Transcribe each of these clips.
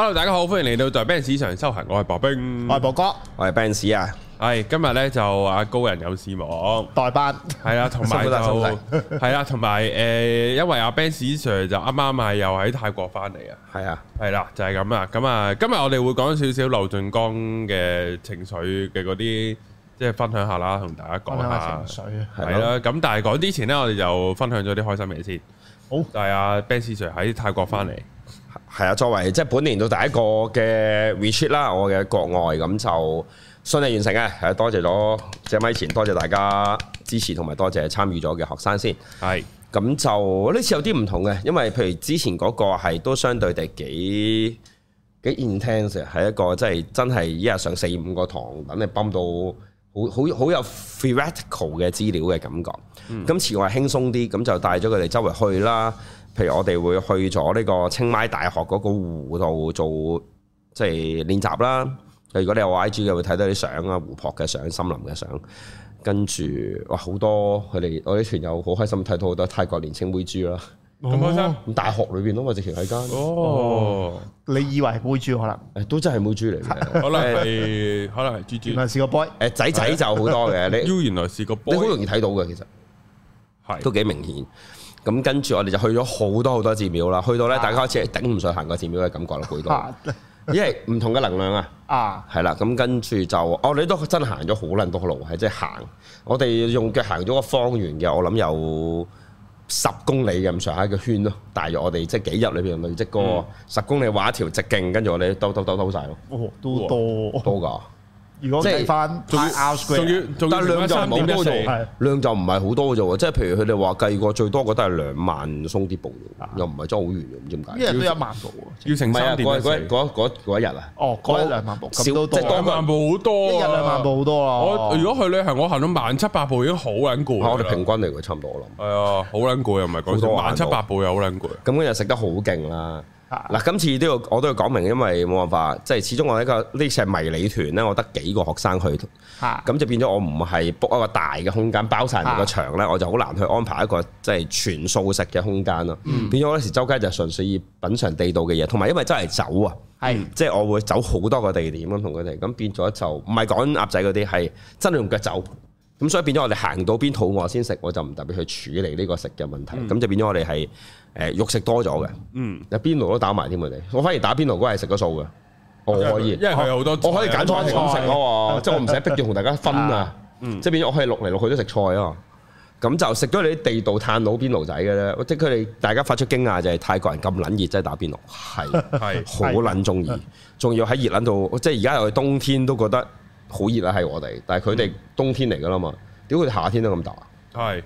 hello，大家好，歡迎嚟到在 Benz 上修行。我係白兵，我係博哥，我係 Ben Sir 啊，係今日咧就阿高人有事忙，代班係啦，同埋就係啦，同埋誒，因為阿 Ben Sir 就啱啱係又喺泰國翻嚟啊，係啊的，係啦，就係咁啦，咁啊，今日我哋會講少少柳俊江嘅情緒嘅嗰啲，即係分享下啦，同大家講下，下情緒，係啦的，咁的但係講之前呢，我哋就分享咗啲開心嘢先，好，就係阿 Ben Sir 喺泰國翻嚟。嗯係啊，作為即係本年度第一個嘅 retreat 啦，我嘅國外咁就順利完成嘅。係多謝咗這米前，多謝大家支持同埋多謝參與咗嘅學生先。係咁是就呢次有啲唔同嘅，因為譬如之前嗰個係都相對地幾幾 intense，係一個即係真係一日上四五個堂，等你泵到好好好有 theoretical 嘅資料嘅感覺。今次我係輕鬆啲，咁就帶咗佢哋周圍去啦。譬如我哋會去咗呢個清邁大學嗰個湖度做即係練習啦。如果你有 I G 嘅，會睇到啲相啊，湖泊嘅相、森林嘅相。跟住哇，好多佢哋我啲團友好開心，睇到好多泰國年青妹豬啦。咁開心，咁大學裏邊都我直情喺間。哦，哦你以為係妹豬，可能都真係妹豬嚟嘅，可能係 可能係豬豬，原來係個 boy 誒，仔仔就好多嘅。你原來係個 boy 你好 容易睇到嘅，其實係都幾明顯。咁跟住我哋就去咗好多好多寺廟啦，去到呢，大家開始頂唔上行個寺廟嘅感覺咯，好多， 因為唔同嘅能量啊，啊， 係啦，咁跟住就，哦，你都真行咗好撚多路，係即係行，我哋用腳行咗個方圓嘅，我諗有十公里咁上下嘅圈咯，大約我哋即係幾日裏邊累積個十公里畫一條直徑，跟住我哋兜兜兜兜曬咯，都多多㗎。如果計翻，仲要仲要，但量就冇多。啫量就唔係好多嘅啫喎，即係譬如佢哋話計過最多覺得係兩萬鬆啲步，又唔係裝好遠嘅，唔知點解，一日都一萬步喎，要成三點一四。嗰一日啊。哦，嗰日兩萬步，少即係兩萬步好多。一日兩萬步好多啊！我如果去旅行，我行到萬七八步已經好撚攰。我哋平均嚟講差唔多，我諗。係啊，好撚攰又唔係講咗萬七八步又好撚攰。咁嗰日食得好勁啦。嗱，今次都要我都要講明，因為冇辦法，即係始終我一個呢隻迷你團咧，我得幾個學生去，咁、啊、就變咗我唔係 book 一個大嘅空間包晒人個場咧，啊、我就好難去安排一個即係全素食嘅空間咯。嗯、變咗嗰時周街就純粹以品嚐地道嘅嘢，同埋因為真係走啊，是即係我會走好多個地點咁同佢哋，咁變咗就唔係講鴨仔嗰啲，係真係用腳走。咁所以變咗我哋行到邊肚餓先食，我就唔特別去處理呢個食嘅問題。咁就變咗我哋係誒肉食多咗嘅。嗯，打邊爐都打埋添我哋。我反而打邊爐嗰係食咗素嘅，我可以，因為佢有好多，我可以揀菜食咯。即係我唔使逼住同大家分啊。即係變咗我可以六嚟六去都食菜啊。咁就食咗你啲地道炭爐邊爐仔嘅啦。即係佢哋大家發出驚訝就係泰國人咁撚熱，真係打邊爐，係係好撚鍾意，仲要喺熱撚度，即係而家又係冬天都覺得。好熱啦！係我哋，但係佢哋冬天嚟㗎啦嘛，屌佢哋夏天都咁大，係，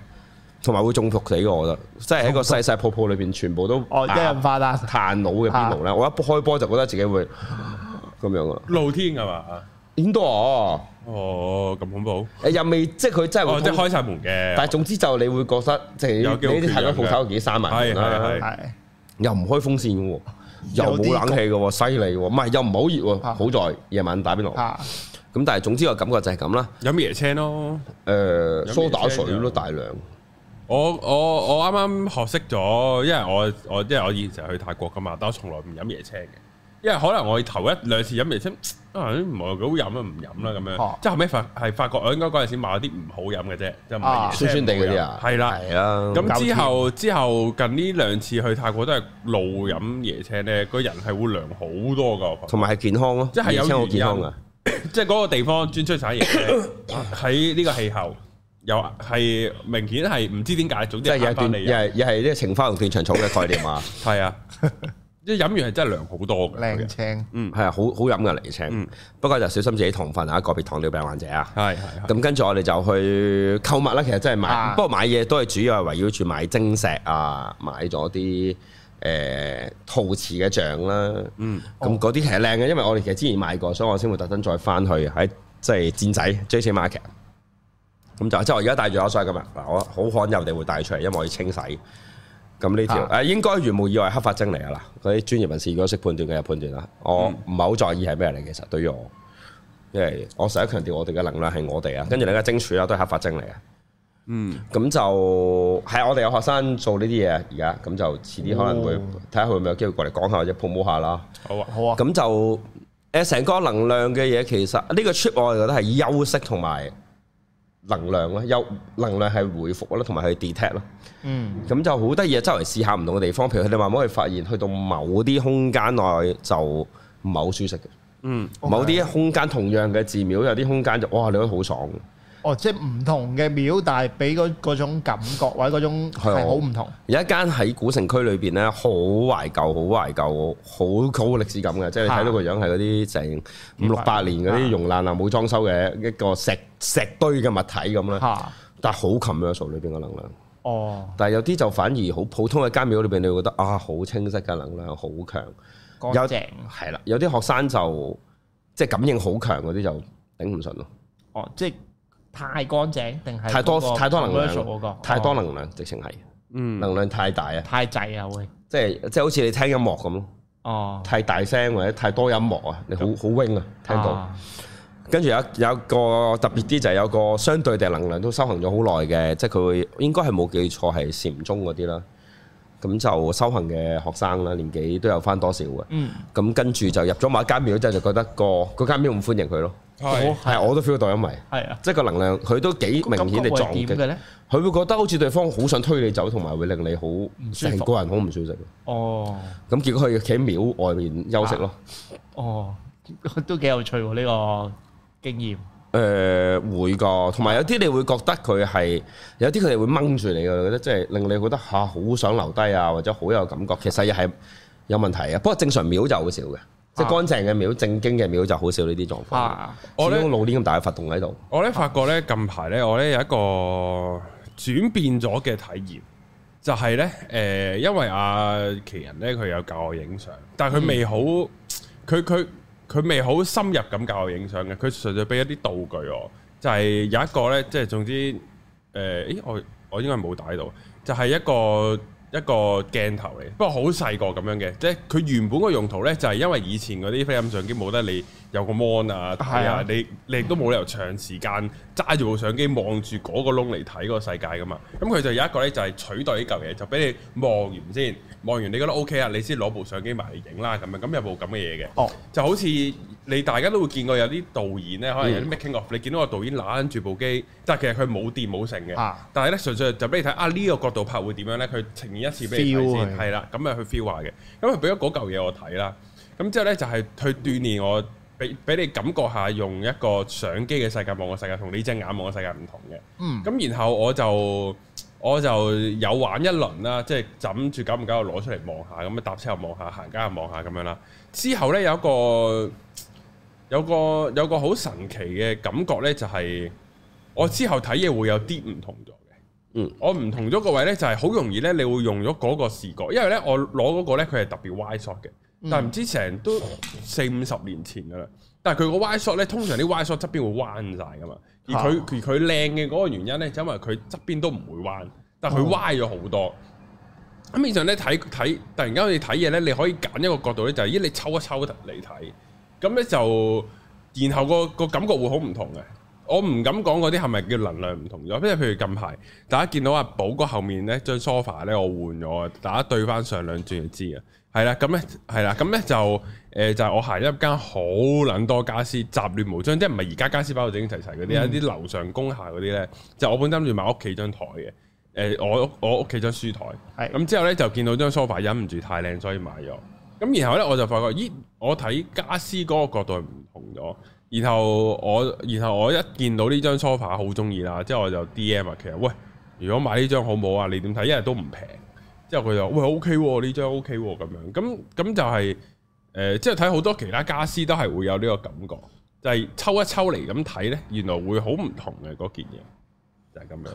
同埋會中伏死㗎，我覺得，即係喺個細細泡泡裏邊，全部都哦一氧化碳炭爐嘅邊爐啦。我一開波就覺得自己會咁樣㗎！露天㗎嘛，點都哦哦咁恐怖！又未即係佢真係開晒門嘅，但係總之就你會覺得即係你呢啲泰國鋪頭幾三萬啦，係又唔開風扇嘅喎，又冇冷氣嘅喎，犀利喎，唔係又唔好熱喎，好在夜晚打邊爐。咁但係總之我感覺就係咁啦，飲椰青咯，誒，梳打水咯，大量。我我我啱啱學識咗，因為我我因為我以前成日去泰國噶嘛，但我從來唔飲椰青嘅，因為可能我頭一兩次飲椰青，啊唔好飲啊，唔飲啦咁樣，即係後尾發係發覺我應該嗰陣時買咗啲唔好飲嘅啫，即酸酸地嗰啲啊，係啦係啦。咁之後之後近呢兩次去泰國都係路飲椰青咧，個人係會涼好多噶，同埋係健康咯，椰青好健康噶。 即係嗰個地方專出晒嘢嘅，喺呢、 啊、個氣候又係明顯係唔知點解， 總之翻翻嚟又係又係呢個情花同斷腸草嘅概念啊！係 啊，即係飲完係真係涼好多，靚青嗯係啊，好好飲噶嚟青，嗯、不過就小心自己糖分啊，個別糖尿病患者啊，係咁，跟住我哋就去購物啦，其實真係買， 不過買嘢都係主要係圍繞住買晶石啊，買咗啲。誒、欸、陶瓷嘅像啦，嗯，咁嗰啲其實靚嘅，因為我哋其實之前買過，所以我先會特登再翻去喺即係戰仔 JC Market，咁就即係我而家戴住我所有今日，嗱，我好罕有地會戴出嚟，因為我要清洗。咁呢條誒、啊、應該如無意外係黑髮晶嚟啊，嗱，嗰啲專業人士如果識判斷嘅就判斷啦，我唔係好在意係咩嚟其實，對於我，因為我成日強調我哋嘅能量係我哋啊，跟住你嘅晶柱啦都係黑髮晶嚟啊。嗯，咁就係、啊、我哋有學生做呢啲嘢而家，咁就遲啲可能會睇下佢有冇有機會過嚟講下或者 promo 下啦。好啊，好啊。咁就誒，成個能量嘅嘢，其實呢、這個 trip 我哋覺得係休息同埋能量咯，休能量係回復咯，同埋係 detect 咯。嗯，咁就好得意啊，周圍試下唔同嘅地方，譬如你哋話冇去發現，去到某啲空間內就唔係好舒適嘅。嗯，某啲空間、嗯、同樣嘅寺廟，有啲空間就哇，你覺得好爽。哦，即係唔同嘅廟，但係俾嗰種感覺或者嗰種係好唔同。有、嗯、一間喺古城區裏邊咧，好懷舊，好懷舊，好好歷史感嘅，即係你睇到個樣係嗰啲成五六百年嗰啲溶爛啊，冇裝修嘅一個石石堆嘅物體咁啦。嗯、但係好 commercial 裏邊嘅能量。哦。但係有啲就反而好普通嘅間廟裏邊，你會覺得啊，好清晰嘅能量，好強，靜有正。係啦，有啲學生就即係感應好強嗰啲就頂唔順咯。哦，即係。太乾淨定係太多太多能量，太多能量，直情係，嗯，能量太大啊，太滯啊，會即係即係好似你聽音樂咁咯，哦，太大聲或者太多音樂啊，你好好 wing 啊，聽到。跟住有有個特別啲就係有個相對嘅能量都修行咗好耐嘅，即係佢應該係冇記錯係禪宗嗰啲啦。咁就修行嘅學生啦，年紀都有翻多少嘅，嗯，咁跟住就入咗某一間廟之後就覺得個嗰間廟唔歡迎佢咯。係，我都 feel 到陰霾，係啊的，即係個能量，佢都幾明顯地撞嘅。佢會覺得好似對方好想推你走，同埋會令你好成個人好唔舒適。哦，咁結果佢企喺廟外面休息咯。啊、哦，都幾有趣喎呢、這個經驗。誒、呃、會㗎，同埋有啲你會覺得佢係有啲佢哋會掹住你嘅，覺得即係令你覺得吓，好、啊、想留低啊，或者好有感覺。其實又係有問題嘅，不過正常廟就好少嘅。即係乾淨嘅廟，啊、正經嘅廟就好少呢啲狀況。啊！我咧老年咁大嘅發動喺度。啊、我咧發覺咧近排咧，我咧有一個轉變咗嘅體驗，就係咧誒，因為阿、啊、奇人咧佢有教我影相，但係佢未好，佢佢佢未好深入咁教我影相嘅，佢純粹俾一啲道具我，就係、是、有一個咧，即、就、係、是、總之誒、呃，咦？我我應該冇帶喺度，就係、是、一個。一個鏡頭嚟，不過好細個咁樣嘅，即係佢原本個用途呢，就係因為以前嗰啲 film 相機冇得你。有個 mon 啊，係啊，啊你你亦都冇理由長時間揸住部相機望住嗰個窿嚟睇嗰個世界噶嘛？咁佢就有一個咧，就係取代呢嚿嘢，就俾你望完先，望完你覺得 OK 啊，你先攞部相機埋去影啦咁啊，咁有部咁嘅嘢嘅，哦，就好似你大家都會見過有啲導演咧，可能有啲 making of，嗯、你見到個導演攔住部機，即係其實佢冇電冇成嘅，啊、但係咧純粹就俾你睇啊呢、呢個角度拍會點樣咧？佢呈現一次俾你睇先？係啦，咁啊去 feel 下嘅，咁佢俾咗嗰嚿嘢我睇啦，咁之後咧就係去鍛鍊我、嗯。俾你感覺下，用一個相機嘅世界望個世界，同你隻眼望個世界唔同嘅。嗯，咁然後我就我就有玩一輪啦，即係枕住搞唔搞看看，我攞出嚟望下，咁啊搭車又望下，行街又望下咁樣啦。之後呢，有一個有一個有個好神奇嘅感覺呢、就係，就係我之後睇嘢會有啲唔同咗嘅。嗯，我唔同咗個位呢，就係好容易呢，你會用咗嗰個視角，因為呢，我攞嗰個呢，佢係特別歪縮嘅。嗯、但唔知成都四五十年前噶啦，但係佢個 Y shot 咧，通常啲 Y shot 側邊會彎晒噶嘛，而佢佢靚嘅嗰個原因咧，就係、因為佢側邊都唔會彎，但係佢彎咗好多。咁、啊、以上咧睇睇，突然間你睇嘢咧，你可以揀一個角度咧，就係咦，你抽一抽嚟睇，咁咧就然後、嗰個、嗰個感覺會好唔同嘅。我唔敢講嗰啲係咪叫能量唔同咗，因為譬如近排大家見到阿寶個後面咧張 sofa 咧，我換咗大家對翻上兩轉就知啊。係啦，咁咧，係啦，咁咧就誒、呃，就係我行一間好撚多家私，雜亂無章，即係唔係而家家私包到整齊齊嗰啲啊？啲、嗯、樓上工廈嗰啲咧，就我本身諗住買屋企張台嘅，誒、呃，我我屋企張書台，係咁是的 之後咧就見到張梳化忍唔住太靚，所以買咗。咁然後咧我就發覺，咦，我睇家私嗰個角度唔同咗。然後我，然後我一見到呢張梳化好中意啦，之後我就 D.M. 其實，喂，如果買呢張好唔好啊？你點睇？因為都唔平。之後佢就，喂 OK 喎，呢張 OK 喎，咁樣，咁咁就係，誒，即係睇好多其他家私都係會有呢個感覺，就係抽一抽嚟咁睇咧，原來會好唔同嘅嗰件嘢，就係咁樣。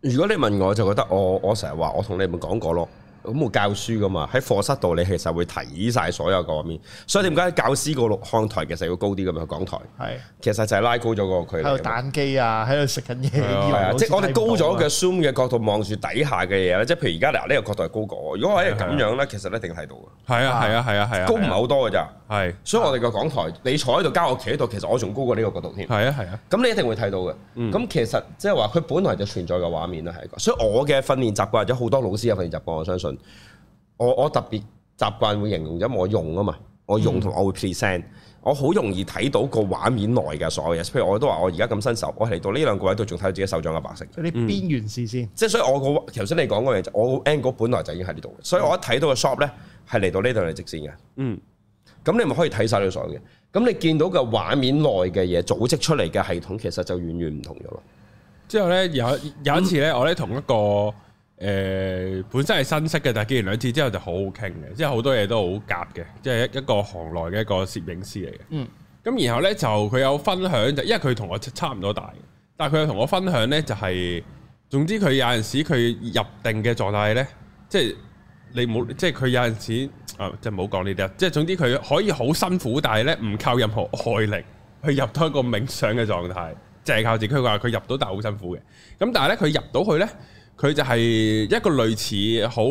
如果你問我，就覺得我我成日話我同你咪講過咯。咁我教書㗎嘛，喺課室度你其實會睇晒所有個面，所以點解教師個看台其實要高啲咁嘅講台？係，其實就係拉高咗個距離。喺度打機啊，喺度食緊嘢。係啊，即係我哋高咗嘅 zoom 嘅角度望住底下嘅嘢咧，即係譬如而家嗱呢個角度係高過，如果我喺度咁樣咧，其實一定睇到嘅。係啊，係啊，係啊，係啊。高唔係好多㗎咋？係，所以我哋個講台，你坐喺度教我，企喺度，其實我仲高過呢個角度添。係啊，係啊。咁你一定會睇到嘅。咁其實即係話，佢本來就存在嘅畫面啦，係一個。所以我嘅訓練習慣，或者好多老師嘅訓練習慣，我相信。我我特別習慣會形容咗，我用啊嘛，我用同埋我會 present，、嗯、我好容易睇到個畫面內嘅所有嘢。譬如我都話我而家咁新手，我嚟到呢兩個位度，仲睇到自己手掌嘅白色。嗰啲邊緣視線，即係所以我個頭先你講嘅嘢，我 angle 本，本來就已經喺呢度，所以我一睇到個 shop 咧，係嚟到呢度嚟直線嘅。嗯，咁你咪可以睇晒你所有嘢？咁你見到嘅畫面內嘅嘢，組織出嚟嘅系統，其實就遠遠唔同咗咯。嗯、之後咧有，有一次咧，我咧同一個。誒、呃、本身係新識嘅，但係見完兩次之後就好好傾嘅，即係好多嘢都好夾嘅，即係一一個行內嘅一個攝影師嚟嘅。嗯，咁然後呢，就佢有分享，就因為佢同我差唔多大，但係佢有同我分享呢、就是，就係總之佢有陣時佢入定嘅狀態呢，即係你冇，即係佢有陣時啊，即係冇講呢啲啊，即係總之佢可以好辛苦，但係呢唔靠任何外力去入到一個冥想嘅狀態，淨係靠自己。佢話佢入到，但係好辛苦嘅。咁但係呢，佢入到去呢。佢就係一個類似好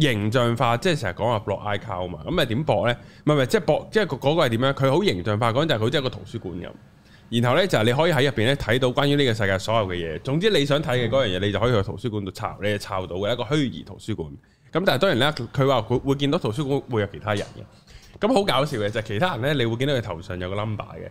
形象化，即係成日講話落 l o icon 嘛。咁啊點博咧？唔係唔係，即係博，即係嗰個係點樣？佢好形象化，講就係佢即係個圖書館咁。然後咧就係你可以喺入邊咧睇到關於呢個世界所有嘅嘢。總之你想睇嘅嗰樣嘢，你就可以去圖書館度抄，你係抄到嘅一個虛擬圖書館。咁但係當然啦，佢佢話會見到圖書館會有其他人嘅。咁好搞笑嘅就係其他人咧，你會見到佢頭上有個 number 嘅。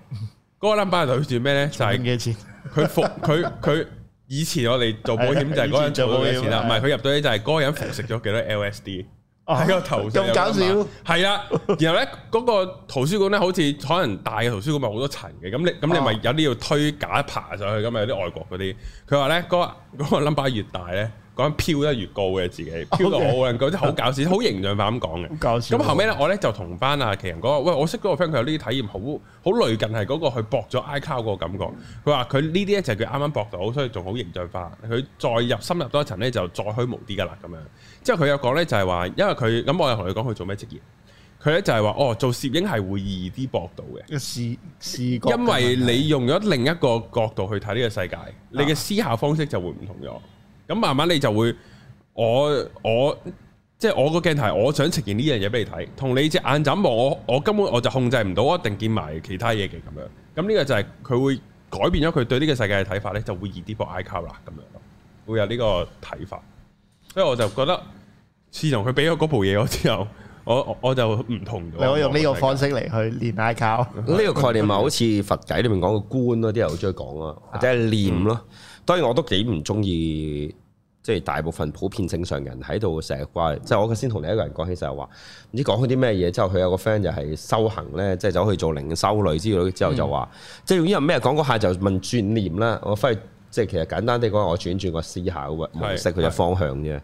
嗰、嗰個 number 代表住咩咧？就係、幾錢、佢服佢佢。以前我哋做保險就係嗰樣做保險啦，唔係佢入到啲就係嗰個人服食咗幾多 LSD，喺、啊、個頭咁搞笑，係啦。然後咧嗰，那個圖書館咧，好似可能大嘅圖書館咪好多層嘅，咁你咁你咪有啲要推假爬上去咁啊？有啲外國嗰啲，佢話咧嗰嗰個 number，那個，越大咧。講緊飄，飄得越高嘅自己，飄到好難講，覺得好搞笑，好 形象化咁講嘅。咁後尾咧，我咧就同翻阿奇人講，喂，我識嗰個 friend，佢有呢啲體驗，好好類近係嗰個去駁咗 iCloud 嗰個感覺。佢話佢呢啲咧就係佢啱啱駁到，所以仲好形象化。佢再入深入多一層咧，就再虛無啲㗎啦咁樣。之後佢有講咧，就係話，因為佢咁，我又同佢講佢做咩職業。佢咧就係話，哦，做攝影係會易啲駁到嘅視視覺，因為你用咗另一個角度去睇呢個世界，啊、你嘅思考方式就會唔同咗。咁慢慢你就會我，我、即係、我即係我個鏡頭，我想呈現呢樣嘢俾你睇，同你隻眼就望我，我根本我就控制唔到，一定見埋其他嘢嘅咁樣。咁呢個就係佢會改變咗佢對呢個世界嘅睇法咧，就會易啲部 ICAR 啦咁樣，會有呢個睇法。所以我就覺得，自從佢俾咗嗰部嘢我之後，我我就唔同咗。你我用呢個方式嚟去練 ICAR 呢 個概念，咪好似佛偈裏面講嘅觀咯，啲人好中意講啊，或者係念咯。嗯當然我都幾唔中意，即係大部分普遍正常人喺度成日話，即係我先同另一個人講起就係話，唔知講佢啲咩嘢之後，佢有個 friend 就係修行咧，即係走去做靈修女之類之後就話，即係、嗯、用啲人咩講嗰下就問轉念啦，我返去，即係其實簡單啲講，我轉轉個思考嘅模式佢嘅方向啫。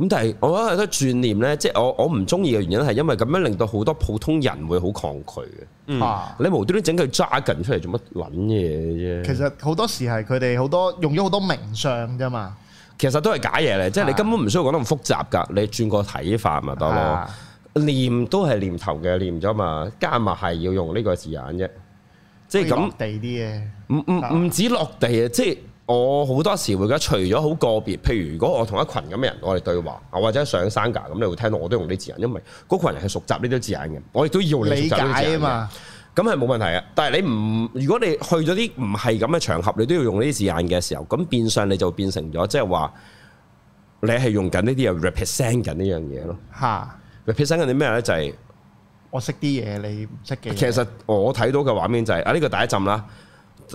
咁但係我覺得轉念咧，即係我我唔中意嘅原因係因為咁樣令到好多普通人會好抗拒嘅。嗯，啊，你無端端整佢 d 緊出嚟做乜撚嘢啫？其實好多時係佢哋好多用咗好多名相啫嘛。其實都係假嘢嚟，即係你根本唔需要講得咁複雜噶。你轉個睇法咪得咯。念，啊，都係念頭嘅，念咗嘛，加埋係要用呢個字眼啫。即係咁落地啲嘅。唔唔唔止落地啊！即係。我好多時會覺得，除咗好個別，譬如如果我同一群咁嘅人我哋對話，或者上山㗎咁，你會聽到我都用啲字眼，因為嗰羣人係熟習呢啲字眼嘅，我亦都要你理解啊嘛。咁係冇問題嘅。但係你唔，如果你去咗啲唔係咁嘅場合，你都要用呢啲字眼嘅時候，咁變相你就變成咗，即係話你係用緊呢啲嘢 represent 緊呢樣嘢咯。嚇，represent 緊啲咩咧？就係我識啲嘢，你唔識嘅。其實我睇到嘅畫面就係、是、啊，呢個第一陣啦。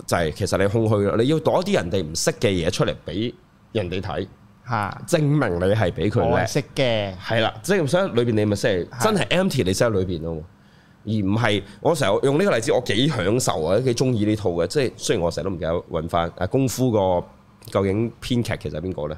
就係其實你空虛咯，你要攞啲人哋唔識嘅嘢出嚟俾人哋睇，吓、啊、證明你係俾佢識嘅，係啦，即係咁所以裡邊你咪先係真係 empty 你先喺裡邊咯，的而唔係我成日用呢個例子，我幾享受啊，幾中意呢套嘅，即係雖然我成日都唔記得搵翻啊功夫個究竟編劇其實係邊個咧，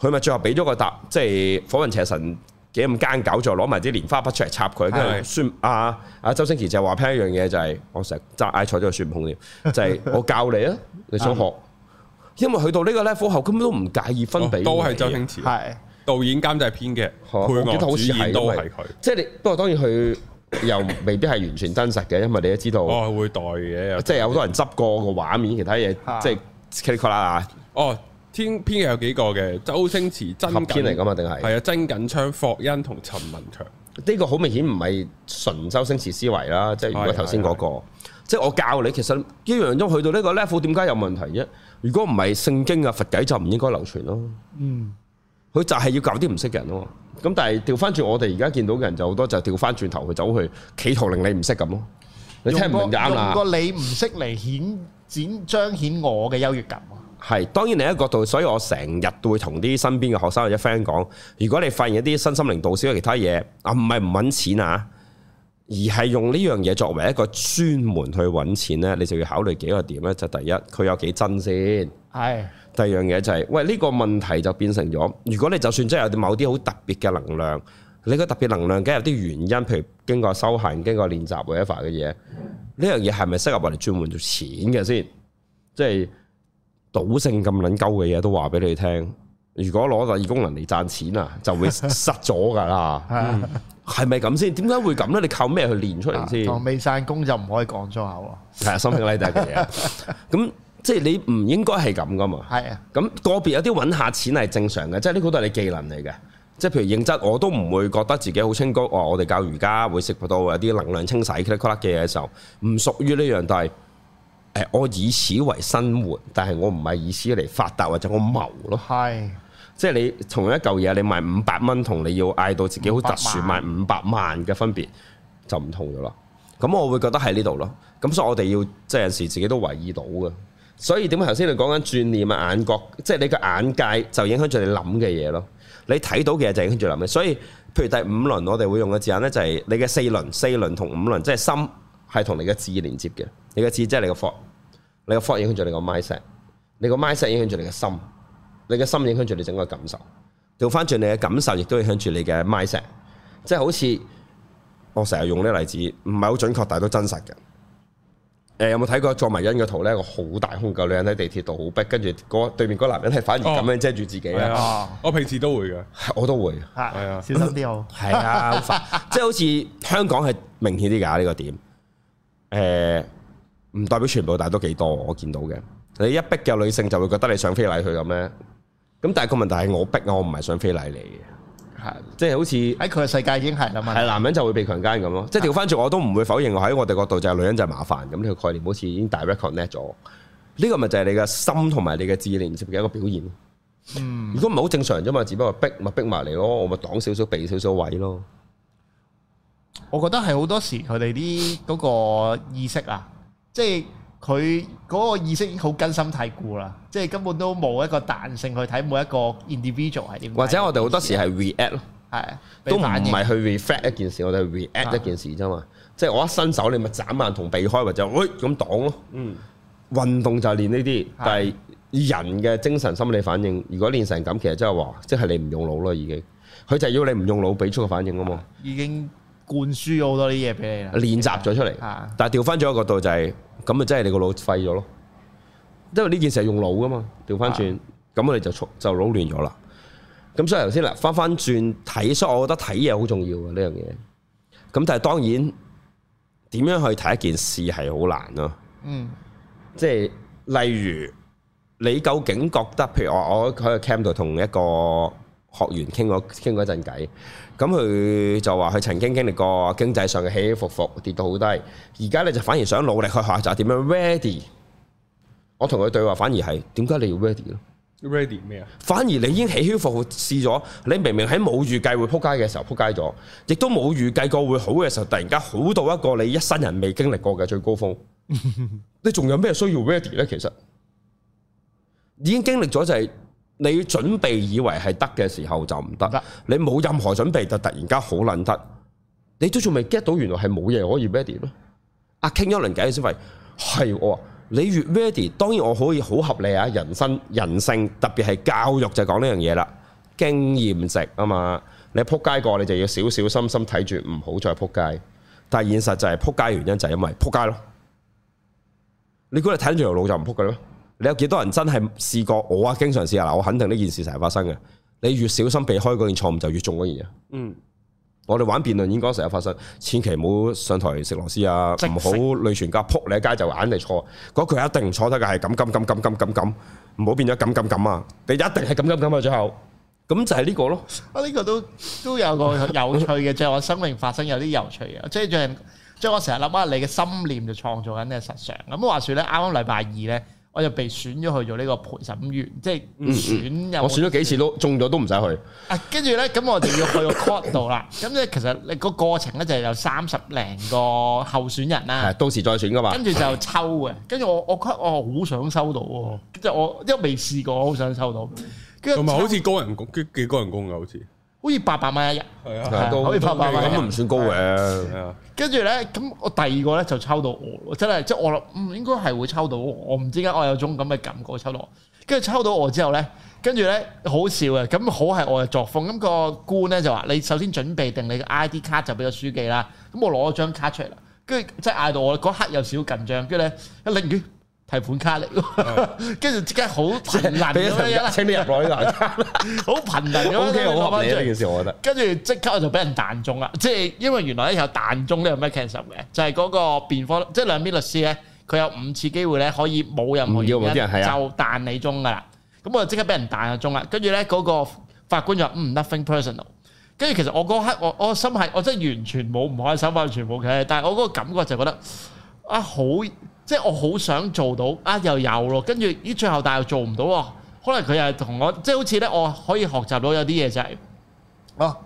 佢咪最後俾咗個答，即係火雲邪神。幾咁奸狡，再攞埋啲蓮花筆出嚟插佢。跟住孫啊的啊，周星馳就話聽一樣嘢、就是，就係我成日揸嗌草咗係孫悟空添，就係我教你啊，你想學？嗯、因為去到呢個 level 後，根本都唔介意分俾、哦。都係周星馳，係的導演監製編嘅，配樂主演、哦、都係佢。即係你，不過當然佢又未必係完全真實嘅，因為你都知道我、哦、會代嘅，即係有好多人執過個畫面，其他嘢即係啦哦。嗯嗯嗯天編劇有幾個嘅？周星馳、曾謹嚟噶嘛？定係係啊，曾謹昌、霍昕同陳文強呢個好明顯唔係純周星馳思維啦。嗯、即係如果頭先嗰個，嗯、即係我教你，其實一樣樣都去到呢個 level，點解有問題啫？如果唔係聖經啊佛偈就唔應該流傳咯。嗯，佢就係要教啲唔識嘅人咯。咁但係調翻轉我哋而家見到嘅人就好多，就調翻轉頭去走去企圖令你唔識咁咯。你聽唔明，用個如果你唔識嚟顯展彰顯我嘅優越感。係，當然另一角度，所以我成日都會同啲身邊嘅學生或者 friend 講，如果你發現一啲身心靈導師嘅其他嘢，啊唔係唔揾錢啊，而係用呢樣嘢作為一個專門去揾錢呢，你就要考慮幾個點呢，就第一，佢有幾真先？係是。第二樣嘢就係，喂，呢個問題就變成咗，如果你就算真係有某啲好特別嘅能量，你個特別能量梗係有啲原因，譬如經過修行、經過練習 whatever 嘅嘢，呢樣嘢係咪適合我哋專門做錢嘅先？即係。賭性咁撚鳩嘅嘢都話俾你聽，如果攞第二工能嚟賺錢啊，就會失咗㗎啦。係咪咁先？點解會咁咧？你靠咩去練出嚟先？未 散工就唔可以講粗口啊！係啊心 o m e 嘅嘢。咁即係你唔應該係咁噶嘛？係啊。咁個別有啲揾下錢係正常嘅，即係呢個都係你技能嚟嘅。即係譬如認質，我都唔會覺得自己好清高。哦、我哋教瑜伽會識到有啲能量清洗 q u i c 啦嘅嘢時候，唔屬於呢、這、樣、個，但係。誒，我以此為生活，但係我唔係以此嚟發達或者我謀咯。係、嗯，即係你同一嚿嘢，你賣五百蚊，同你要嗌到自己好特殊賣五百萬嘅分別就唔同咗啦。咁我會覺得喺呢度咯。咁所以我哋要即係有時自己都懷疑到嘅。所以點解頭先你講緊轉念啊、眼角，即係你個眼界就影響住你諗嘅嘢咯。你睇到嘅嘢就影響住諗嘅。所以譬如第五輪我哋會用嘅字眼咧，就係你嘅四輪、四輪同五輪，即係心。係同你嘅字連接嘅，你嘅字即係你嘅 thought 你嘅 thought 影響住你個 mindset，你個 mindset 影響住你嘅心，你嘅心影響住你整個感受，調翻轉你嘅感受影 set,，亦都係向住你嘅 mindset，即係好似我成日用呢個例子，唔係好準確，但係都真實嘅。誒、欸，有冇睇過作迷因嘅圖咧？一個好大胸嘅女人喺地鐵度好逼，跟住嗰對面嗰男人係反而咁樣遮住自己、哦、啊！ 我平時都會嘅，我都會，係、啊啊、小心啲好。係啊， 即係好似香港係明顯啲噶呢個點。誒，唔、呃、代表全部，但都幾多我見到嘅。你一逼嘅女性就會覺得你想非禮佢咁咧。咁但個問題係我逼我唔係想非禮你嘅，係的即係好似喺佢嘅世界已經係啦嘛。係男人就會被強姦咁咯，即係調翻轉我都唔會否認喺我哋角度就係女人就係麻煩咁，呢個概念好似已經 direct connect 咗。呢、這個咪就係你嘅心同埋你嘅智力入嘅一個表現。嗯，如果唔係好正常啫嘛，只不過逼咪逼埋嚟咯，我咪擋少少避少少位咯。我覺得係好多時佢哋啲嗰個意識啊，即係佢嗰個意識已經好根深蒂固啦，即係根本都冇一個彈性去睇每一個 individual 係點。或者我哋好多時係 react 咯，係都唔係去 reflect 一件事，我哋去 react 一件事啫嘛。即係我一伸手，你咪眨眼同避開或者喂咁擋咯。嗯、哎，運、啊、動就係練呢啲，的但係人嘅精神心理反應，如果練成咁，其實即係話，即係你唔用腦咯，已經。佢就係要你唔用腦俾出個反應啊嘛。已經。灌輸咗好多啲嘢俾你啦，練習咗出嚟，的但係調翻咗個角度就係、是，咁咪真係你個腦廢咗咯，因為呢件事係用腦噶嘛，調翻轉，咁的我哋就就腦亂咗啦。咁所以頭先啦，翻翻轉睇，所以我覺得睇嘢好重要啊呢樣嘢。咁但係當然點樣去睇一件事係好難咯。嗯，即係例如你究竟覺得，譬如我我喺個 cam 度同一個。學完傾咗陣偈，咁佢就話佢曾經經歷過經濟上嘅起起伏伏，跌到好低，而家咧就反而想努力去學習點樣 ready。我同佢對話，反而係點解你要 ready 咯？ready 咩啊？反而你已經起起伏伏試咗，你明明喺冇預計會扑街嘅時候扑街咗，亦都冇預計過會好嘅時候，突然間好到一個你一生人未經歷過嘅最高峰， 你仲有咩需要 ready 咧？其實已經經歷咗就係、是。你準備以為係得嘅時候就唔得，行你冇任何準備就突然間好撚得，你都仲未 get 到原來係冇嘢可以 ready 咯。阿傾一輪偈先，喂，係，你越 ready，當然我可以好合理啊。人生、人性，特別係教育就講呢樣嘢啦，經驗值啊嘛，你扑街過，你就要小小心心睇住，唔好再扑街。但係現實就係扑街原因就係因為扑街咯，你估你睇住條路就唔扑嘅咯。你有幾多人真係試過？我啊，經常試下！嗱，我肯定呢件事成日發生嘅。你越小心避開嗰件錯誤，就越中嗰件嘢。嗯，我哋玩辯論應該成日發生，千祈唔好上台食螺絲啊！唔好累全家扑你喺街就硬係錯。嗰句一定唔坐得㗎係咁咁咁咁咁咁咁，唔好變咗咁咁咁啊！你一定係咁咁咁啊！最後，咁就係呢個咯。啊，呢個都都有個有趣嘅，即係我生命發生有啲有趣嘅。即係仲，即係我成日諗下你嘅心念就創造緊咩實相咁。咁話說咧，啱啱禮拜二咧。我就被選咗去做呢個陪審員，即、就、係、是、選有，有、嗯嗯。我選咗幾次都中咗，都唔使去。啊，跟住咧，咁我就要去個 court 度啦。咁即係 其實你個過程咧就係有三十零個候選人啦。係， 到時再選噶嘛。跟住就抽嘅，跟住我我我好想收到喎。即係我因為未試過，我好想收到。同埋好似高人工，幾高人工噶好似。好似八百蚊一日，係啊，啊都可以八百蚊咁都唔算高嘅。跟住咧，咁我第二個咧就抽到我，真係，即係我諗，嗯，應該係會抽到我。我唔知點解我有種咁嘅感覺抽到我。跟住抽到我之後咧，跟住咧好笑嘅，咁好係我嘅作風。咁個官咧就話：你首先準備定你嘅 I D 卡就俾咗書記啦。咁我攞咗張卡出嚟，跟住即係嗌到我嗰刻有少少緊張，跟住咧，寧願。提款卡嚟，跟住即刻好頻能請你入左呢度，好頻能件事，我覺得。跟住即刻我就俾人彈中啦，即係 因為原來咧有彈中呢個咩 concept 嘅，就係、是、嗰個辯方，即係兩邊律師咧，佢有五次機會咧可以冇任何原因人就彈你中噶啦。咁我就即刻俾人彈個中啦。跟住咧嗰個法官就唔、嗯、nothing personal。跟住其實我嗰刻我我心係我真係完全冇唔開心，完全冇嘅。但係我嗰個感覺就覺得啊，啊好。好即係我好想做到啊，又有咯，跟住依最後但又做唔到喎。可能佢又係同我，即係好似咧，我可以學習到有啲嘢就係、是，哦、啊，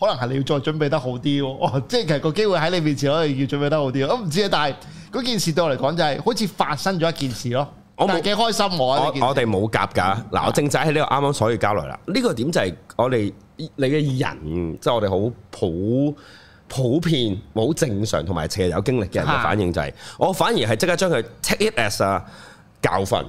可能係你要再準備得好啲喎、啊。即係其實個機會喺你面前，可以要準備得好啲。我唔知啊，知但係嗰件事對我嚟講就係、是、好似發生咗一件事咯。我唔係幾開心我、啊、我哋冇夾噶。嗱件，我、嗯、我正仔喺呢個啱啱所以交流啦。呢、這個點就係我哋你嘅人，即、就、係、是、我哋好普。普遍冇正常同埋邪有經歷嘅人嘅反應就係、是，是的 我反而係即刻將佢 take it as 啊教訓、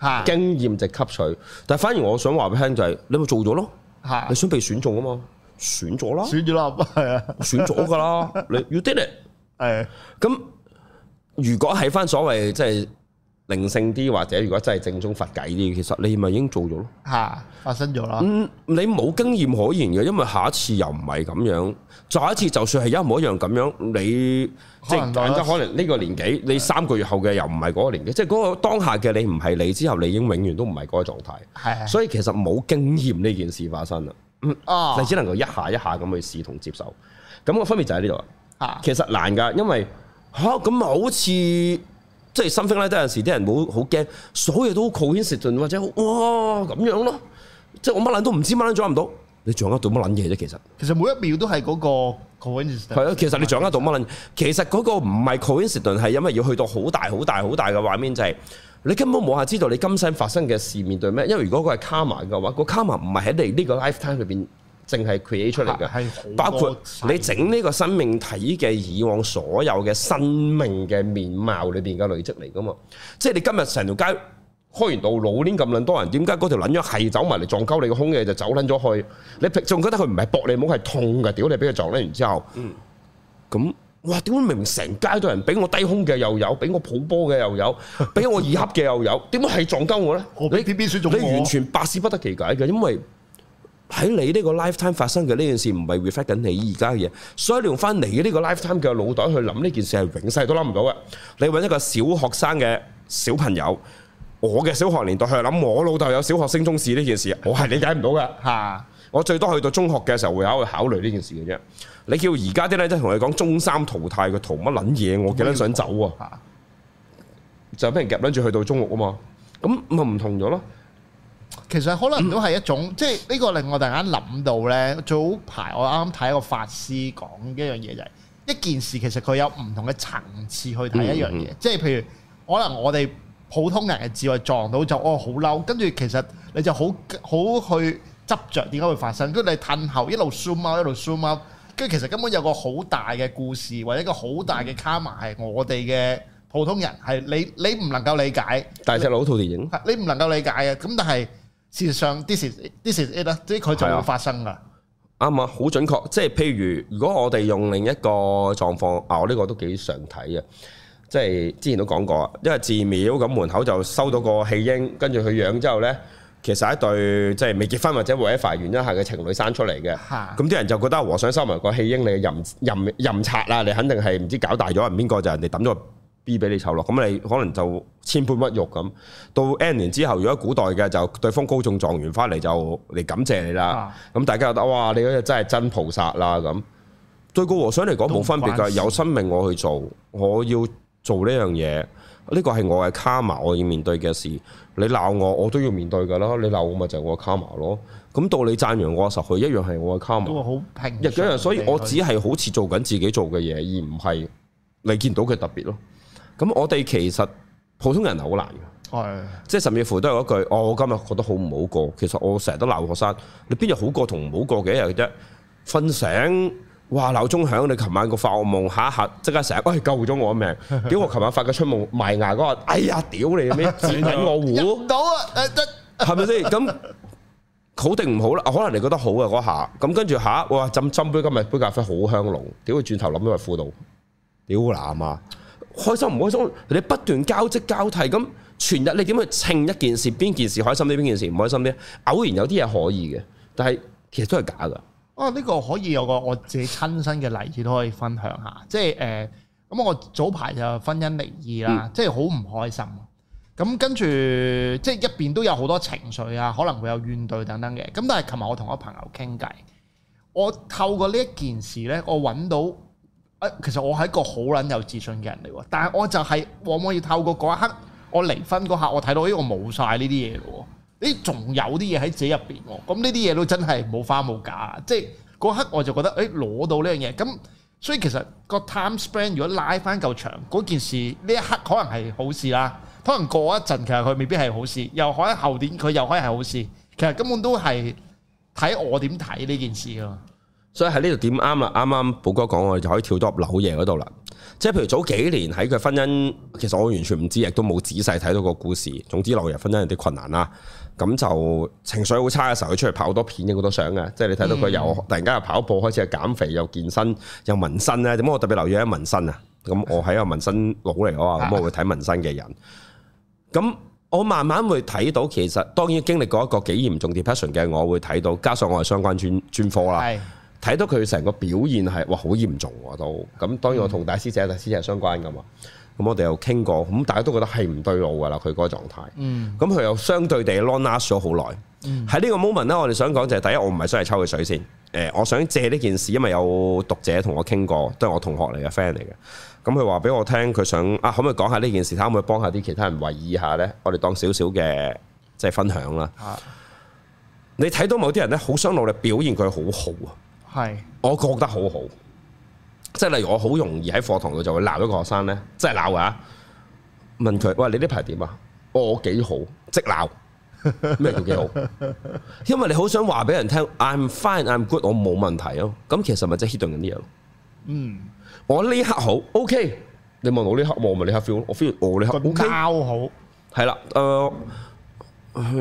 是的 經驗值吸取，但係反而我想話俾你聽就係、是，你咪做咗咯，是的 你想被選中啊嘛，選咗啦，選咗了啦，係啊，選咗㗎啦，你要 done it，係，咁如果喺翻所謂即係。靈性啲，或者如果真係正宗佛偈啲，其實你咪已經做咗咯，吓發生咗咯。嗯，你冇經驗可言嘅，因為下一次又唔係咁樣，再一次就算係一模一樣咁樣，你即係可能呢個年紀，你三個月後嘅又唔係嗰個年紀，的即係嗰個當下嘅你唔係你之後，你已經永遠都唔係嗰個狀態。係的，所以其實冇經驗呢件事發生啦。哦的，你只能夠一下一下咁去試同接受，咁、嗰個分別就喺呢度啊。吓的，其實難噶，因為吓咁、啊、好似。即係心聲咧，都有時啲人冇好驚，所有都 Coincident 或者哇咁樣咯、啊。即係我乜撚都唔知，乜撚做唔到，你掌握到乜撚嘢啫？其實其實每一秒都係嗰個 Coincident。係啊，其實你掌握到乜撚？其實嗰個唔係 Coincident，係因為要去到好大、好大、好大嘅畫面，就係、是、你根本冇法知道你今生發生嘅事面對咩。因為如果佢係 karma 嘅話，個 karma 唔係喺你呢個 lifetime 裏邊。淨係 create 出嚟嘅，啊、包括你整呢個生命體嘅以往所有嘅生命嘅面貌裏邊嘅累積嚟噶嘛？即係你今日成條街開完到老天咁捻多人，點解嗰條捻樣係走埋嚟撞鳩你個胸嘅就走捻咗去？你仲覺得佢唔係搏你，冇係痛噶？屌你俾佢撞撚完之後，咁、嗯、哇，點解明明成街都人俾我低胸嘅又有，俾我抱波嘅又有，俾 我耳恰嘅又有，點解係撞鳩我咧？我偏偏選中我你偏你完全百思不得其解嘅，因為。喺你呢個 lifetime 發生嘅呢件事，唔係 reflect 緊你而家嘅嘢，所以用你用翻你呢個 lifetime 嘅腦袋去諗呢件事係永世都諗唔到嘅。你揾一個小學生嘅小朋友，我嘅小學年代去諗，我老豆有小學升中試呢件事，我係理解唔到嘅嚇。的我最多去到中學嘅時候會有去考慮呢件事嘅啫。你叫而家啲咧，即係同你講中三淘汰嘅，圖乜撚嘢，我記得想走啊？的就俾人夾撚住去到中六啊嘛，咁咪唔同咗咯。其實可能都係一種，即係呢個令我突然間諗到呢。早排我啱啱睇一個法師講一樣嘢，就係，就係一件事其實佢有唔同嘅層次去睇一樣嘢。嗯嗯，即係譬如可能我哋普通人嘅智慧撞到就哦好嬲，跟住其實你就好好去執着點解會發生。跟住你褪後一路 Zoom 縮貓一路 Zoom 縮貓，跟住其實根本有個好大嘅故事或者一個好大嘅卡瑪係我哋嘅普通人係你你唔能夠理解。大隻佬套電影，你唔能夠理解嘅。咁但係。事實上，this it, 即係佢仲有發生噶。啱啊，好準確。即係譬如，如果我哋用另一個狀況，啊，我呢個都幾常睇嘅。即係之前都講過啊，因為寺廟咁門口就收到個棄嬰，跟住佢養之後咧，其實係一對即係、就是、未結婚或者為咗懷孕一下嘅情侶生出嚟嘅。咁啲的人就覺得和尚收埋個棄嬰，你任淫淫淫賊啊！你肯定係唔知搞大咗，人邊個就人哋抌咗。B 俾你湊落，咁你可能就千般屈辱。咁。到 N 年之後，如果古代嘅就對方高中狀元翻嚟就嚟感謝你啦。咁、啊、大家覺得哇！你嗰日真係真菩薩啦咁。對個和尚嚟講冇分別㗎，有生命我去做，我要做呢樣嘢，呢個係我嘅 karma，我要面對嘅事。你鬧我，我都要面對㗎啦。你鬧我咪就係我 karma 咯。咁到你讚揚我嘅時候，一樣係我嘅 karma。都好平。一樣，所以我只係好似做緊自己做嘅嘢，嗯、而唔係你見到佢特別咯。咁我哋其實普通人好難嘅，哎、即係甚至乎都有一句，我今日覺得好唔好過。其實我成日都鬧學生，你邊日好過同唔好過嘅一日啫？瞓醒，哇鬧鐘響，你琴晚個發惡夢，下一刻即刻成日，喂、哎、救咗我命！屌我琴晚發嘅春夢，埋牙哥話，哎呀，屌你咩？選我糊到 啊，係咪先？咁好定唔好啦？可能你覺得好嘅嗰下，咁跟住下，哇浸斟杯今日杯咖啡好香濃，屌佢轉頭諗咗個輔導，屌嗱嘛～開心唔開心？你不斷交織交替，咁全日你點去稱一件事？邊件事開心啲？邊件事唔開心啲？偶然有啲嘢可以嘅，但係其實都係假㗎。啊，呢、這個可以有個我自己親身嘅例子都可以分享下。即係誒，咁、呃、我早排就婚姻離異啦，嗯、即係好唔開心。咁跟住即係一邊都有好多情緒啊，可能會有怨懟等等嘅。咁但係琴日我同我朋友傾偈，我透過呢一件事呢，我揾到。其實我係一個好撚有自信嘅人嚟喎，但係我就係往往要透過嗰一刻，我離婚嗰刻我我，我睇到咦我冇晒呢啲嘢咯，咦仲有啲嘢喺自己入邊喎，咁呢啲嘢都真係冇花冇假，即係嗰刻我就覺得誒攞、欸、到呢樣嘢，咁所以其實個 time span 如果拉翻夠長，嗰件事呢一刻可能係好事啦，可能過一陣其實佢未必係好事，又可以後年佢又可以係好事，其實根本都係睇我點睇呢件事啊。所以喺呢度點啱啊？啱啱寶哥講我就可以跳多入柳爺嗰度啦。即係譬如早幾年喺佢婚姻，其實我完全唔知，亦都冇仔細睇到個故事。總之柳爺婚姻有啲困難啦。咁就情緒好差嘅時候，佢出嚟拍好多片嘅好多相嘅。即係你睇到佢又突然間又跑步，開始又減肥，又健身，又紋身咧。點解我特別留意一紋身啊？咁我係一個紋身佬嚟嘅話，咁我會睇紋身嘅人。咁我慢慢會睇到，其實當然經歷過一個幾嚴重啲 depression 嘅，我會睇到。加上我係相關專專科啦。睇到佢成個表現係哇，好嚴重喎，都咁當然我同大師姐、嗯、大師姐係相關噶嘛，咁我哋又傾過，咁大家都覺得係唔對路噶啦佢個狀態。嗯，咁佢又相對地 long last 咗好耐。喺呢、嗯嗯、個 moment 呢，我哋想講就係第一，我唔係想嚟抽佢水先。誒、呃，我想借呢件事，因為有讀者同我傾過，都係我同學嚟嘅 friend 嚟嘅。咁佢話俾我聽，佢想啊，可唔可以講下呢件事，睇、啊、可唔可以幫下啲其他人為意下呢？我哋當少少嘅即係分享啦。 你睇到某啲人呢，好想努力表現佢好好啊！係，是我覺得好好，即係例如我好容易喺課堂度就會鬧一個學生咧，即係鬧噶，問佢喂你呢排點啊、哦？我幾好，即鬧咩叫幾好？ 因為你好想話俾人聽，I'm fine, I'm good，我冇問題咯、啊。咁其實咪即係 hide 緊啲嘢咯。嗯，我呢刻好，OK，你望我呢刻，望咪呢刻 feel 我 feel 我呢刻、嗯、OK? 好，教好，係、呃、啦，誒。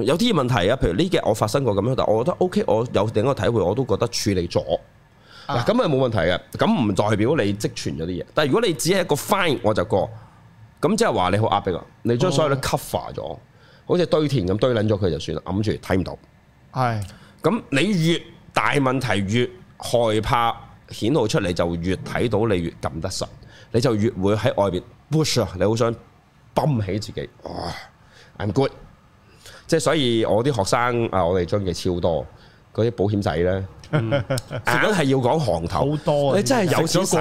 有啲嘢問題啊，譬如呢幾日我發生過咁樣，但係我覺得 OK，我有另一個體會，我都覺得處理咗，嗱咁啊係冇問題嘅，咁唔代表你積存咗啲嘢。但係如果你只係一個 fine，我就過，咁即係話你好壓迫啊，你將所有嘢 cover 咗，哦、好似堆填咁堆攬咗佢就算啦，揞住睇唔到。係是，咁你越大問題越害怕顯露出嚟，就越睇到你越撳得實，你就越會喺外邊 bush 啊，你好想泵起自己。Oh, I'm good。即係所以我，我啲學生啊，我哋樽嘅超多，嗰啲保險仔咧，硬係 要講行頭。好多，你真係有錢使，